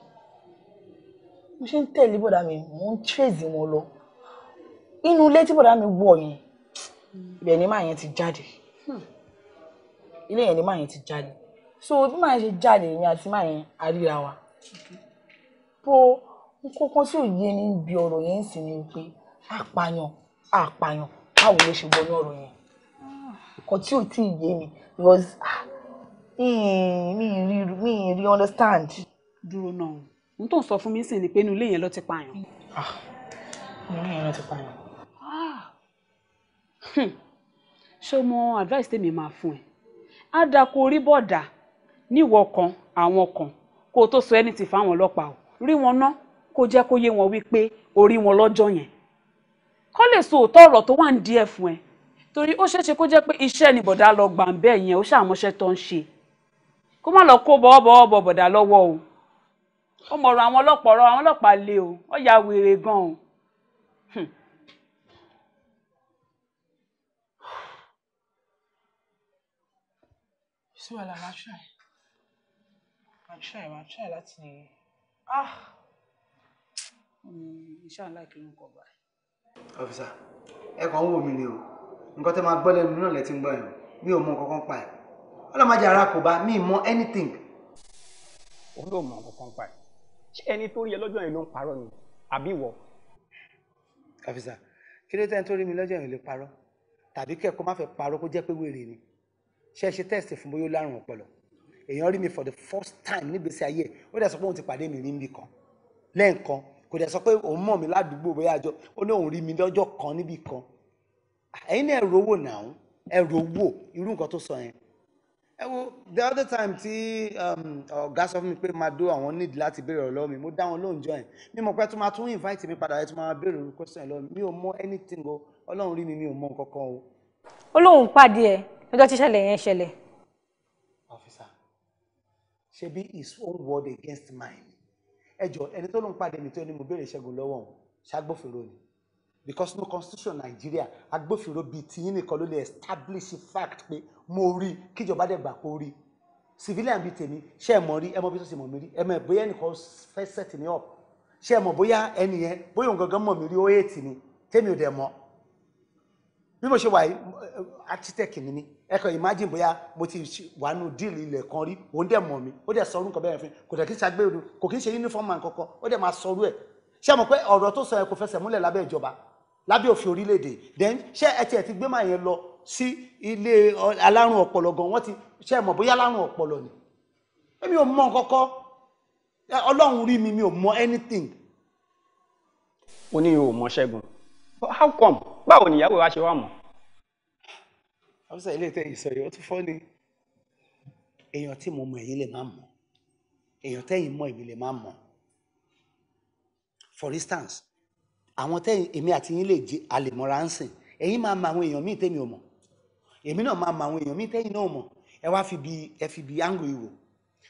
mo ṣe ń tẹ̀lé bọ̀dá mi mo ń tírèzì wọn lọ inú ilé tí bọ̀dá mi wọ̀ yẹn ibẹ̀ ni màá yẹn ti jáde hmm. ilé yẹn ni màá yẹn ti jáde so bí màá yẹn ṣe jáde èmi àti màá yẹn àríra wa bó kókó tí òye ní bí ọ̀rọ̀ yẹn sì ni pé àpàyàn àpàyàn báwo ló ṣe wọnú ọ̀rọ̀ yẹn kò tí ò tí ì yé mi because ah, mi ì rí mi ì rí understand. dúró náà n tó ń sọ fún mi sì ni pé inú ilé yẹn ló ti pààyàn. Ah, inú ilé yẹn ló ti pààyàn. Ah. Hmm. ṣé o mọ advice tèmi máa fún ẹ á dáa kó rí bọ́ọ̀dà níwọ̀ kan àwọn kan kó o tó sọ ẹni tì fáwọn ọlọ́pàá o rí wọn ná kó jẹ́ kó yé wọn wípé orí wọn lọ́jọ́ yẹn kó lè sọ òótọ́ ọ̀rọ̀ tó wà ń di ẹ̀ fún ẹ torí ó ṣeéṣe kó jẹ́ pé iṣẹ́ ni bọ̀dà lọ gbà ń bẹ́ẹ̀ yẹn ó ṣàmọ́ṣẹ́ tó ń ṣe kó má lọ kó bọ́ọ̀bọ̀ọ̀bọ̀ bọ̀dà lọ́wọ́ o ó mọ̀rọ̀ àwọn ọlọ́pàá ọ̀rọ̀ àwọn ọlọ́pàá lé o ó ya wèrè gan o. sí hmm. wàhálà wàá try wàá try wàá try láti ah iṣẹ́ aláìkí ló ń kọ̀ báyìí. ọ̀fíìsà ẹ kàn ń wò mí ni o nǹkan tẹ́ máa gbọ́ lẹ́nu náà lẹ́tí ń gbọ́ yẹn mi ò mọ nǹkan kan pa ẹ̀ ọlọ́mọdé ara kò bá mi mọ anything. ó ló mọ nǹkan kan pa ẹ̀ ṣé ẹni tó rí ẹ lọ́jọ́ yẹn ló ń parọ́ ni àbí ìwọ. kàfíìsà kí ló tẹ́ ń tó rí mi lọ́jọ́ yẹn lè parọ́ tàbí kẹ́kọ̀ọ́ má fẹ́ parọ́ kó jẹ́ pé wèrè ni ṣe ṣe test fún bóyá ó lárùn ọpọlọ èèyàn rí mi for the first time nígbèsí ayé ó dẹ̀ sọ pé òun ti pàdé mi rí mi kan lẹ́ẹ̀kan kò dẹ̀ sọ pé òun mọ̀ mi ládùúgbò bóyá àjọ ó ní òun rí mi lọ́jọ́ kan níbì kan ẹ̀yin náà ẹ̀rọ owó náà ẹ̀rọ owó irú nǹkan tó sọ yẹn ẹ wo the other time tí um, ọ̀gá sọ fún mi pé máa dó àwọn need láti béèrè ọ̀rọ̀ lọ́wọ́ mi mo dá wọn lóhùn jọ ẹ̀ mi mọ̀ pé tó máa tún invite mi padà ẹ̀ tó máa béèrè question ẹ̀ lọ́wọ́ mi ò mọ anything o ọlọ́run rí mi mi ò mọ nǹkan kan o. ó lóun pàdé ẹ lọ́jọ́ tí ìṣẹ̀lẹ̀ yẹn ṣẹlẹ̀. officer ṣebí his own word against mine ẹ jọ ẹni tó lóun pàdé mi tó ní mo béèrè ìṣẹ́gun lọ́wọ́ òun ṣàgbófinró ni because no constitution Nigeria agbófinró bíi tiyín nìkan ló lè establish fact pé mo rí kíjọba dẹ̀ kó rí civilian bíi tèmi ṣé ẹ mọ̀ rí ẹ mọ̀ bí tó ṣe mọ̀ mí rí ẹ mọ̀ bóyá ẹnìkan fẹ́ set ni up ṣé ẹ mọ̀ bóyá ẹnì yẹn bóyá òun gangan mọ̀ mí rí ó èètì ni tèmi ò dẹ̀ mọ̀ bí mo ṣe wà yìí architect ni ẹ kàn imagine bóyá mo ti wà nù díìlì ilẹ̀ kan rí òun dẹ̀ mọ̀ mí ó dẹ̀ sọ orúkọ bẹ́ẹ̀ fún mi kò dẹ̀ kí n ṣàgbé òdu kò kí n ṣe uniform man kankan ó dẹ̀ máa sọ orú ẹ̀ ṣé ẹ pé ọ̀rọ̀ tó sọ ẹ kò fẹsẹ̀ múlẹ̀ lábẹ́ ìjọba lábẹ́ òfin orílẹ̀-èdè then ṣé ẹ tiẹ̀ ti gbé màá yẹn lọ sí ilé alárùn ọpọlọ gan wọ́n ti ṣe mọ̀ bóyá alárùn ọpọlọ ni èmi ò mọ kọ́kọ́ ọlọ́run rí mi mi ò mọ anything. O ní o mọ ṣẹ́gun how come báwo ni ìyàwó wa ṣe wà mọ́. ọ̀sẹ̀ ilé tẹ ìsọ̀yọ́ tó fọ́ ni èèyàn tí mo mọ èyí lè má mọ̀ èèyàn tẹ́yìn mọ̀ èmi lè má mọ̀ for instance àwọn tẹ́yìn èmi àti yín lè jẹ àlèmọ́ra ń sìn ẹ̀yin máa ma àwọn èèyàn míì tẹ́mi ò mọ̀ èmi náà máa ma àwọn èèyàn míì tẹ́yìn náà ò mọ̀ ẹ wá fi bi ẹ fi bi áńgò ìwò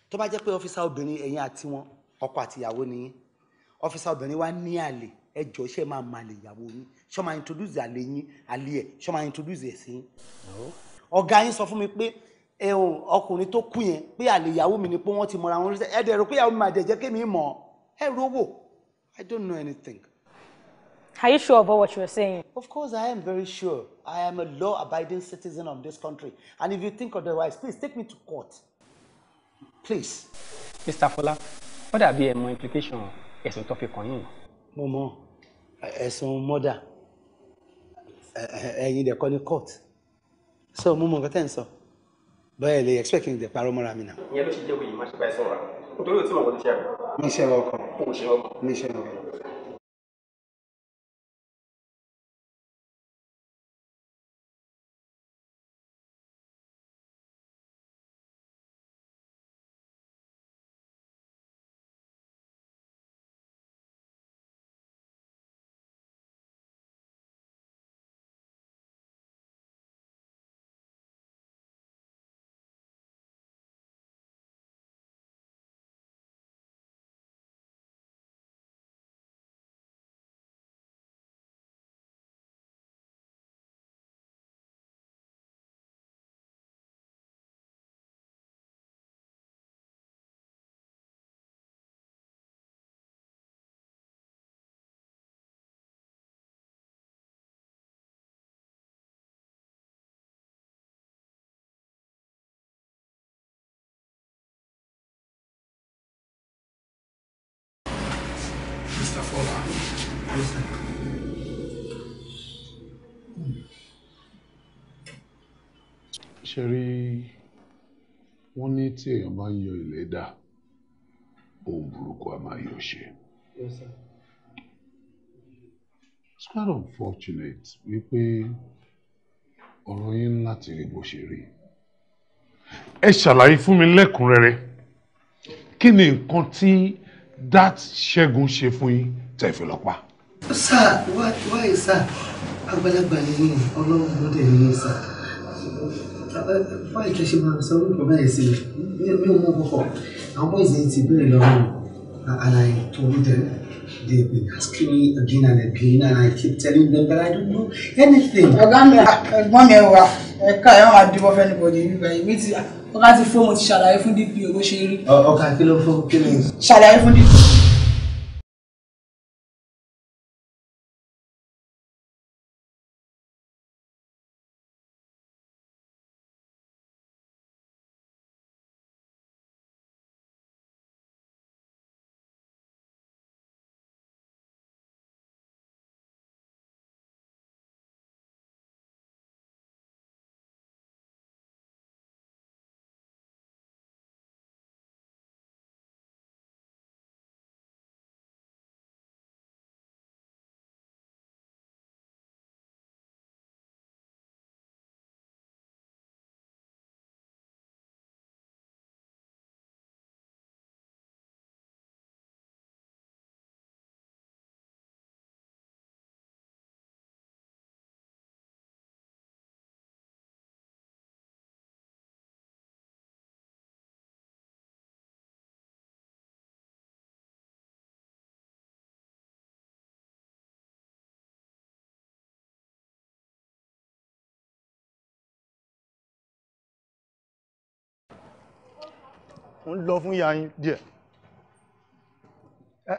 tó bá jẹ́ pé ọ́fíìsà obìnrin ẹ̀yin àti wọn ọkọ àtìyàwó ni yín ọ́fíìsà obìnrin wa ní àlè ẹ jọ ṣe máa ma àlè ìyàwó yín ṣọ́ máa introduce àlè yín àlè ẹ̀ ṣọ́ máa introduce ẹ̀ sí yín ọ̀gá yín sọ fún mi pé ẹ̀hún ọkùnrin tó kú yẹn pé àlè ìyàwó mi ni pé wọ́n ti mọra wọn rí ẹ̀ dẹ̀ rò pé ìyàwó mi máa dẹ̀ jẹ́ kémi mọ̀ ẹ̀ rówó I don't know anything. Are you sure about what you're saying? Of course, I am very sure. I am a law abiding citizen of this country. And if you think otherwise, please take me to court. Please. Mr. Fola, what are the more implication ẹ̀sùn tó fi kàn Momo. As mọ̀ mother, I need dẹ̀ kọ́ ní court. So Momo mọ̀ nǹkan tẹ́ ń sọ. Bẹ́ẹ̀ lè expect kí n dẹ̀ parọ́ mọ́ra mi náà. Ìyẹn ló ṣe jẹ́ òye máa ṣe bá ẹ̀sùn rà. Nítorí o tí mo wọlé ṣe àgbà. Mi ṣe ọkọ̀. Mi ṣe ọkọ̀. ṣe rí wọ́n ní tí èèyàn bá yọ ilẹ̀ dà ohun burúkú a máa yọ ṣe. it's quite unfortunate wípé ọ̀rọ̀ yín láti rí bó ṣe rí. ẹ ṣàlàyé fún mi lẹ́kùnrẹ́rẹ́ kí ni nǹkan tí dat ṣẹ́gun ṣe fún yín tẹ̀ fi lọ pa sáà wáyé sáà àgbàlagbà ni ọlọ́run ló dé ní sáà wáyé tẹ́ ṣe máa sọ orúkọ báyìí sí mi ò mú kọkọ àwọn bọ́ìsì ti bẹ̀rẹ̀ lọ́rùn àlàyé tó ń dẹ̀ They've been asking me again and again, and I keep telling them but I don't know anything. Ọ̀gá mi, ẹ̀gbọ́n mi ẹ wà, ẹ̀ka ẹ̀ máa dìbò fẹ́ anybody nígbà yìí. Mi ti ọ̀gá ti fóònù ti ṣàlàyé fún DP owó ṣe rí. Ọ̀gá kí ló fún kí ló. Ṣàlàyé fún DP. mo lọ fún ìyá yín díẹ̀.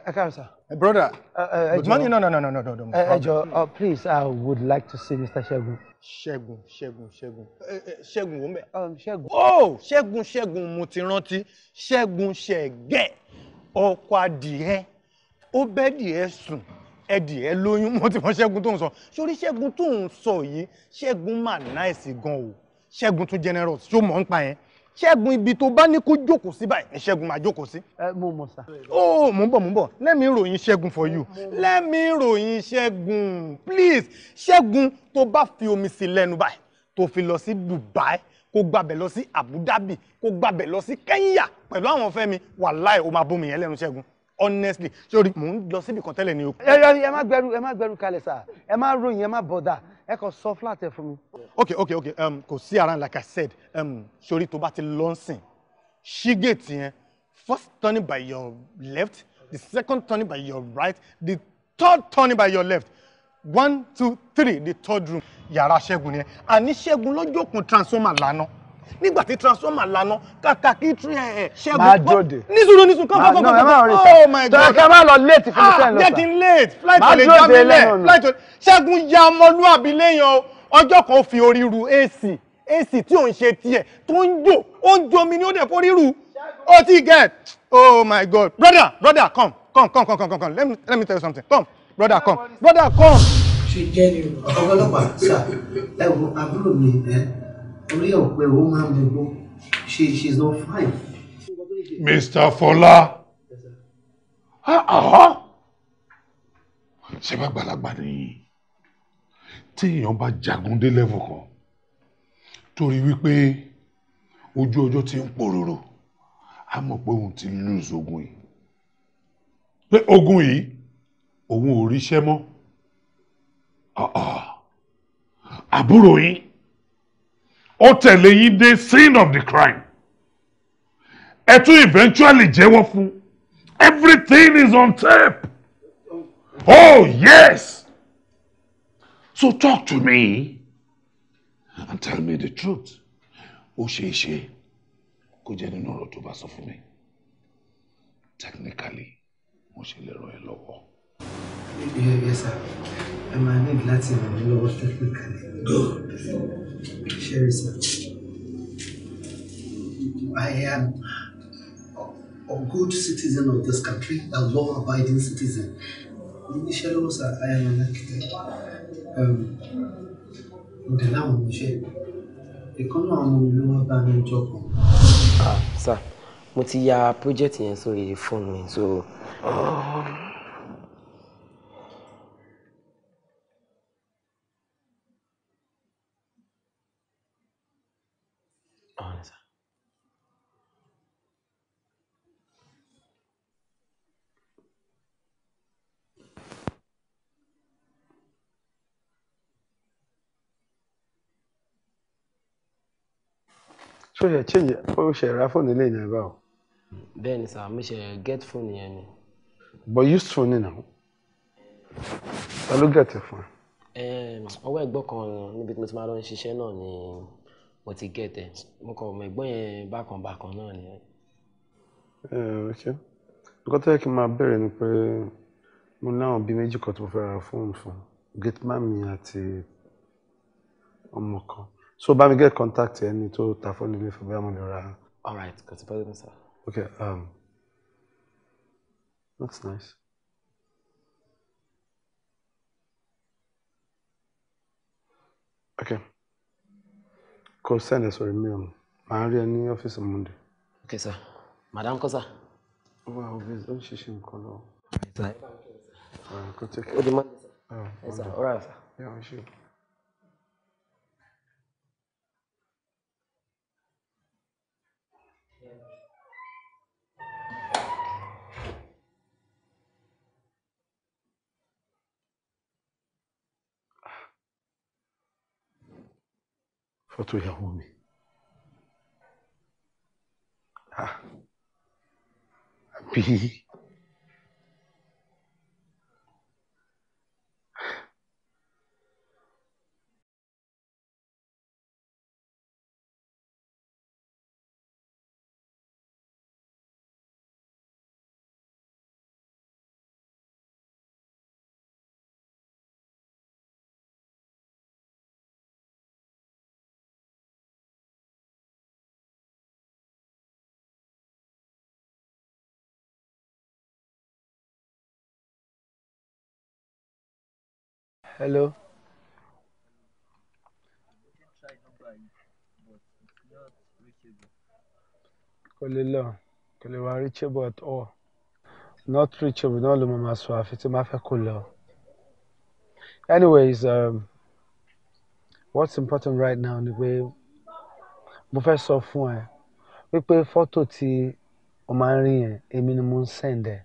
ẹ káàárọ̀ sir. broda good morning no no no no no no. ẹ jọ uh, please i would like to see mr segun. ṣẹ́gun ṣẹ́gun ṣẹ́gun ṣẹ́gun wọ́n bẹ̀. Um, ṣẹ́gun. oh ṣẹ́gun ṣẹ́gun mo ti rántí ṣẹ́gun ṣẹ̀gẹ́ ọkọ adìẹ ó bẹ́ dìẹ sùn ẹdìẹ lóyún mo ti mọ ṣẹ́gun tó ń sọ sórí ṣẹ́gun tó ń sọ yìí ṣẹ́gun mà náìsì gan o ṣẹ́gun tún generous ṣó mọ̀ ń pa yẹn ṣẹ́gun ibi tó bá ní kó jókòó sí báyìí ni ṣẹ́gun máa jókòó sí. ẹ mo mọ sá. ó mò bọ̀ mò bọ̀ let me ròyìn ṣẹ́gun for you let me ròyìn ṣẹ́gun please ṣẹ́gun tó bá fi omi sí lẹ́nu báyìí tó fi lọ sí Dubai kó gbàbẹ̀ lọ sí Abu Dhabi kó gbàbẹ̀ lọ sí Kenya pẹ̀lú àwọn fẹ́mi wàláì ó máa bómi yẹn lẹ́nu ṣẹ́gun honestly sori mò ń lọ síbi kan tẹ́lẹ̀ ni o. ẹ ẹ má gbẹrù ẹ má gbẹrù kalẹ̀ sá ẹ má ròyìn ẹ má bọ̀dà ẹ kàn sọ flat ẹ fún mi. ok ok ok um, kò sí around like i said um, sori to bá ti lọ sìn ṣí gèètì yẹn first turning by your left the second turning by your right the third turning by your left one two three the third room yàrá ṣẹ́gun yẹn àní ṣẹ́gun lọ́jọ́ kun transformer lánàá nígbà tí transformer lana kàkà kí tún ẹ ẹ ṣẹ́gun bọ́ nísùnú nísùn kọ́ kọ́ kọ́ kọ́ oh my god tọ́kẹ́ máa lọ late fi sẹ́yìn lọ sà getting late flight olè jábílẹ̀ flight olè ṣẹ́gun ya ọmọlúwàbí léèyàn ọjọ́ kan fi orí ru ac ac tí ò ń ṣe tiẹ̀ tó ń jò ó ń jomi ní ó dẹ̀ forí ru ó ti get oh my god brother brother come come come come come come let me let me tell you something come brother come brother come. ṣe jẹ́ ni ọ̀pọ̀lọpàá sà ẹ̀wọ̀n àbúrò mi ẹ̀ orí ọ̀pẹ ó máa ń mugbó she she is not Mr. Fọlá ṣe bá gbàlagbà nìyí tí èèyàn bá jagun dé level kan torí wípé ojú ọjọ́ ti ń pòròrò a mọ̀ pé òun ti lose ogun yìí pé ogun yìí òun ò ríṣẹ́ mọ́ àbúrò yín ó tẹ̀lé yín dé scene of the crime ẹ tún eventually jẹ́wọ́ fún everything is on tape oh yes so talk to me and tell me the truth ó ṣeé ṣe kó jẹ́ nínú ọ̀rọ̀ tó bá sọ fún mi technically mo ṣe lè ràn ẹ́ lọ́wọ́. yes sir ẹ máa ní láti ràn mí lọ́wọ́ technically. Sherry, sir. I am a, a good citizen of this country, a law-abiding citizen. Initially, also, I am an architect. Um, the land we share. Ìkọ́nà àwọn ọmọ mi ló wá Ah, sir, mo ti ya project yẹn sórí fóònù mi, so. Um, So yẹ change ó ṣe ra fóònù ilé ìnáwó báwo. bẹ́ẹ̀ni sá mo ṣe get phone yẹn ni. but use phone ni na ta ló get phone. ẹ. ọwọ́ ẹ̀gbọ́n kan níbi tí mo ti máa lọ ń ṣiṣẹ́ náà ni mo ti get ẹ̀ mo kàn mọ ẹ̀gbọ́n yẹn bákan bákan náà ni. ẹ ẹ ṣe nǹkan tó yẹ kí n máa bẹ̀rẹ̀ ni pé mo láwọn bíi méjì kan tó fẹ́ ra fóònù fún gateman mi àti ọmọ kan so bá mi get contact ẹni tó ta fóònù ilé fún bóyá mo lè all right kò sí problem sir. okay um, that's nice. okay kò send ẹ sọ̀rọ̀ mi o màá rí ẹ ọ́fíìsì monday. okay sir madam kọ́ sir. ó wà ọ́fíìsì ó ń ṣiṣẹ́ nǹkan lọ. all right go take care. ó di mọ́ ẹ sir oh, all right sir. yeah, we should. É outro Yahume. Ah. Hello. Kolilo, Koliwa reachable at all. Not reachable, no Lumama Swafi, it's Mafia Kulo. Anyways, um, what's important right now ni pé mo fẹ́ sọ fún ẹ wípé fọ́tò tí o máa ń rí yẹn èmi ni mo ń send ẹ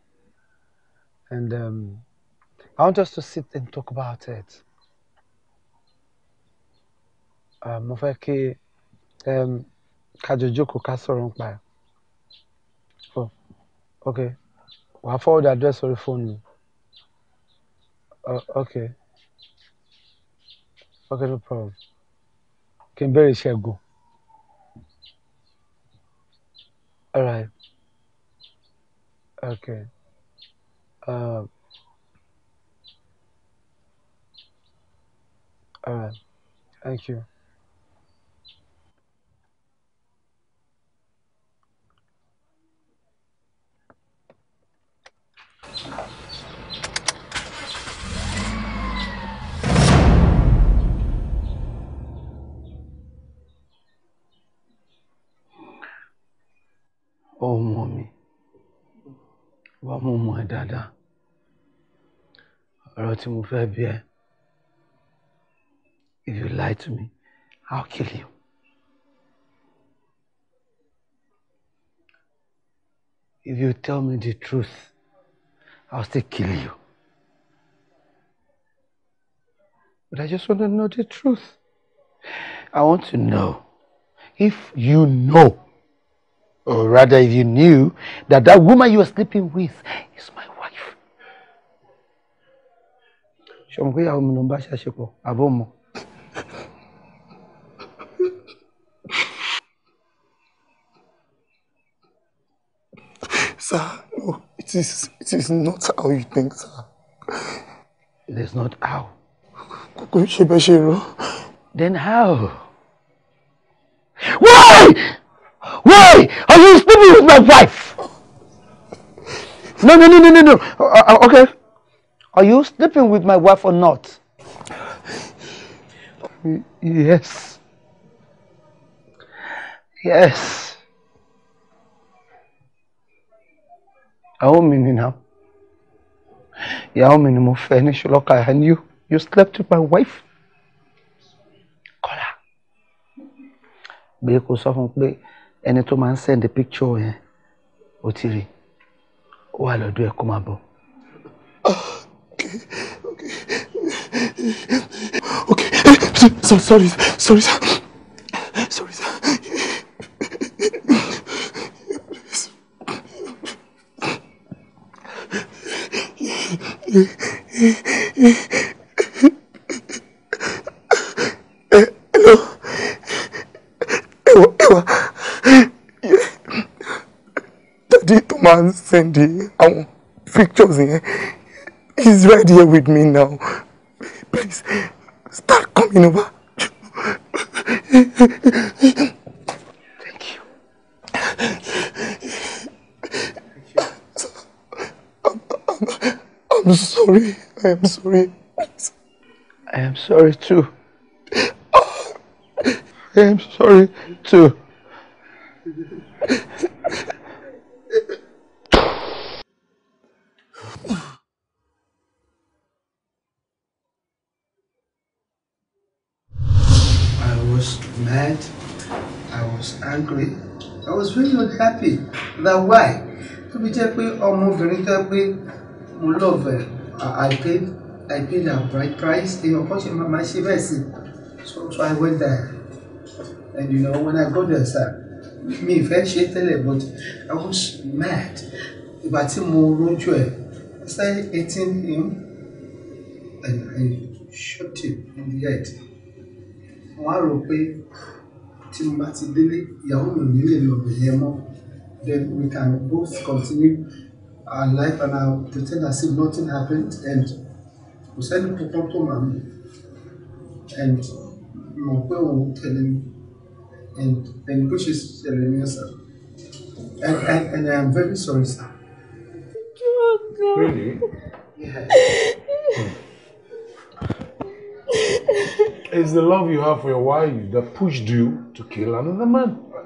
and um, I want us to sit and talk about it. Um, mo fẹ́ kí um, kájọ jókòó ká sọ̀rọ̀ nípa ẹ̀. Oh, ok, forward address orí phone. mi. Oh, okay, ok no problem. Can barely share go. All right. Okay. Uh, All right. Thank you. ọmọ mi wàá mú mọ ẹ dáadáa ọ̀rọ̀ tí mo fẹ́ bi ẹ́. If you lie to me, I'll kill you. If you tell me the truth, I'll still kill you. But I just want to know the truth. I want to know if you know, or rather, if you knew that that woman you are sleeping with is my wife. ṣọmọ It is, it is not how you think, sir. It is not how. Then how? Why? Why are you sleeping with my wife? No, no, no, no, no, no. Uh, uh, okay. Are you sleeping with my wife or not? Yes. Yes. ìyàwó mi ni now ìyàwó mi ni mo fẹ́ ní ṣùlọ́kà and you you slept with my wife Kọ́lá gbé kó sọ fún pé ẹni tó máa ń send the picture yẹn ó ti rí ó wà lọ́dọ̀ ẹ̀ kó máa bọ̀. okay okay okay sorry sorry sir. Hello. Ewa, Ewa. Daddy tó máa ń send àwọn pictures yẹn. He's right here with me now. Please, start coming over. I'm sorry. I am sorry. I am sorry too. I am sorry too. I was mad. I was angry. I was very unhappy. That why? To be just pé ọmọbìnrin tó pé mo love ẹ I pay I pay na bright price èèyàn kan ṣe my máa ṣe bẹ́ẹ̀ so so I went there and you know when I go there sir me mi ìfẹ́ ṣe tẹ́lẹ̀ but I was mad ìgbà tí mo rojú ẹ̀ ṣe eighteen him and I shot him in the head wọ́n á rò pé tí mo bá ti délé ìyàwó mi ò ní lè lọ bẹ̀yẹ mọ́ then we can both continue our life and I'll pretend as if nothing happened and we send kò sẹ́ni kankan tó màmí and mọ̀ pé òun tẹ̀lé mi and and bó ṣe ṣẹlẹ̀ ní ẹ̀sà and and and I am very sorry sir. Really? Yeah. It's the love you have for your wife that pushed you to kill another man. Uh,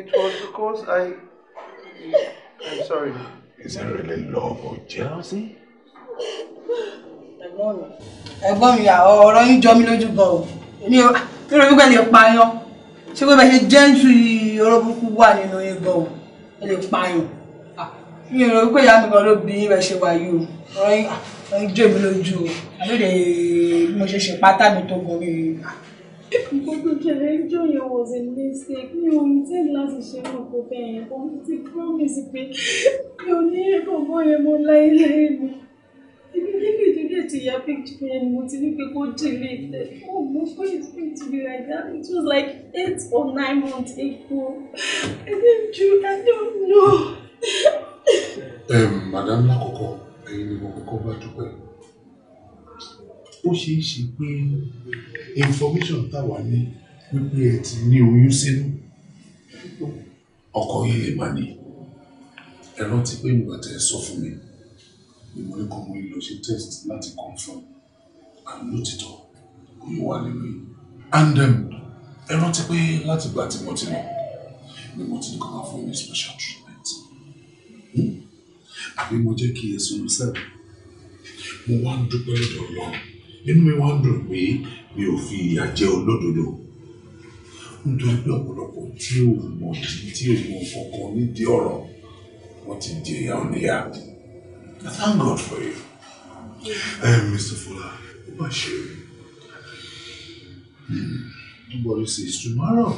it was because I. I'm sorry. Is it really love or jealousy. ẹ̀gbọ́n mi ẹ̀gbọ́n mi ọ̀rọ̀ yín jọ mí lójú gan o èmi ò kí ló gbẹ́ lè pààyàn ṣé pé bẹ́ẹ̀ ṣe jẹ́ńtù ọ̀rọ̀ burúkú wà nínú yín gan o ẹ lè pààyàn mi ò rò pé ìyá mi gan ló bí yín bẹ́ẹ̀ ṣe wà yìí o ọ̀rọ̀ yín jọ mí lójú o àlóde bí mo ṣe ṣe pátá mi tó gan mi nǹkan tó ṣẹlẹ̀ ń jọ yẹn was a mistake mi ò ní tẹ́lẹ̀ láti ṣe mọ̀ kó bẹ́ẹ̀ yẹn bọ́ mo ti promise pé mi ò ní ìrànwọ́ yẹn mọ́ láéláé mi ibi níbi ìdílé ti ya picture yẹn ni mo ti ní pé kó delete oh mo fẹ́ expect to be like that it was like eight or nine months ago i dey do i don't know. madam lákòókò ẹ̀yin ni mo kọ́kọ́ bá dúpẹ́ ó ṣeé ṣe pé information táwa ní wípé ẹ ti ní oyún sínú ọkọ yìí lè má ní ẹ rántí pé nígbà tẹ ẹ sọ fún mi ni mo ní kó mo lọ ṣe test láti confirm and lótìtọ́ oyún wà nínú yìí and um, ẹ rántí pé láti gbà tí mo ti lọ ni mo ti ní kó máa fún mi special treatment hmm? àbí mo jẹ́ kí ẹ sọ mi sẹ́wọ̀n mo wá ń dúpẹ́ lọ́dọ̀ Ọlọ́run inú mi wá ń dùn pé mi ò fi ìyà jẹ olódodo nítorí pé ọ̀pọ̀lọpọ̀ tí ò mọ̀ tí ò mọ̀ kankan nídìí ọ̀rọ̀ wọ́n ti di ìyá oníyà I thank God for you. Hey, eh, Mr. Fuller, ó bá ṣe o. Hmm, nobody says tomorrow.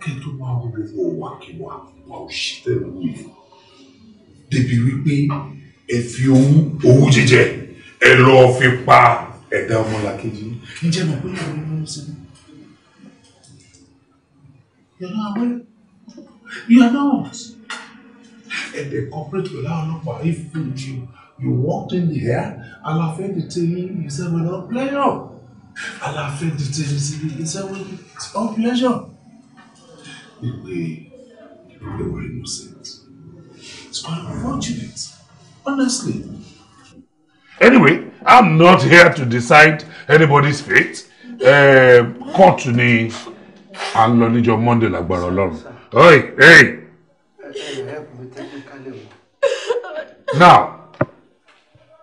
Kí n tó máa wọ gbogbo wàkíwà wà ó ṣe tẹ̀lé wù yìí. Débi wípé ẹ fi owó owó jẹjẹ ẹ lọ́ọ́ fi pa ẹ̀dá ọmọlàkejì ǹjẹ́ mọ̀ pé ìyàwó ló ń sinmi you are not aware you are not and they cooperate with our ọlọ́pàá if you you walked in here aláfẹ́ dìtẹ̀yìn ìṣẹ́wọ̀n náà pleasure aláfẹ́ dìtẹ̀yìn ìṣẹ́wọ̀n náà pleasure ìwé they were innocent it's quite unfortunate honestly anyway i'm not here to decide anybody's fate kóòtù eh, ni à ń lọ monday lágbára ọlọ́run Hey, hey now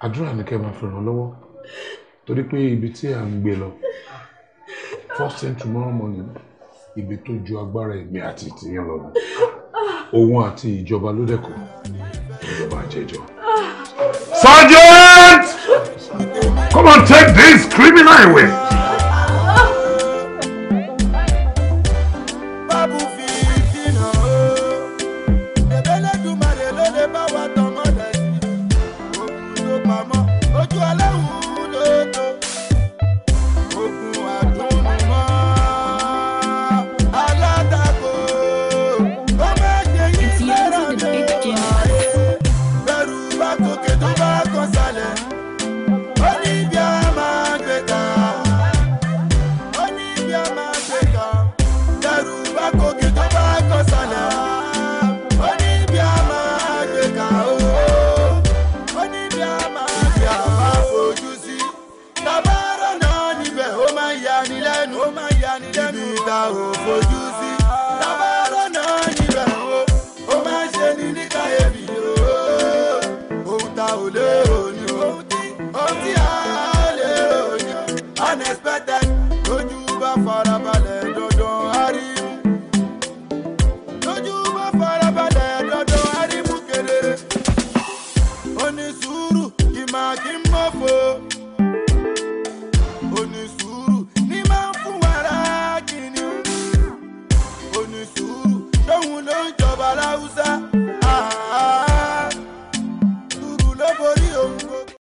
àdúrà ni kẹ́ máa fi ràn lọ́wọ́ torí pé ibi tí à ń gbé first thing tomorrow morning ibi tó ju ati ẹ̀mí àti ìtìyàn lọ òun àti ìjọba ló dẹ́kun ìjọba àjẹjọ. sanjay. Come on, take this criminal away. unexpected. Lójú bá farabalẹ̀.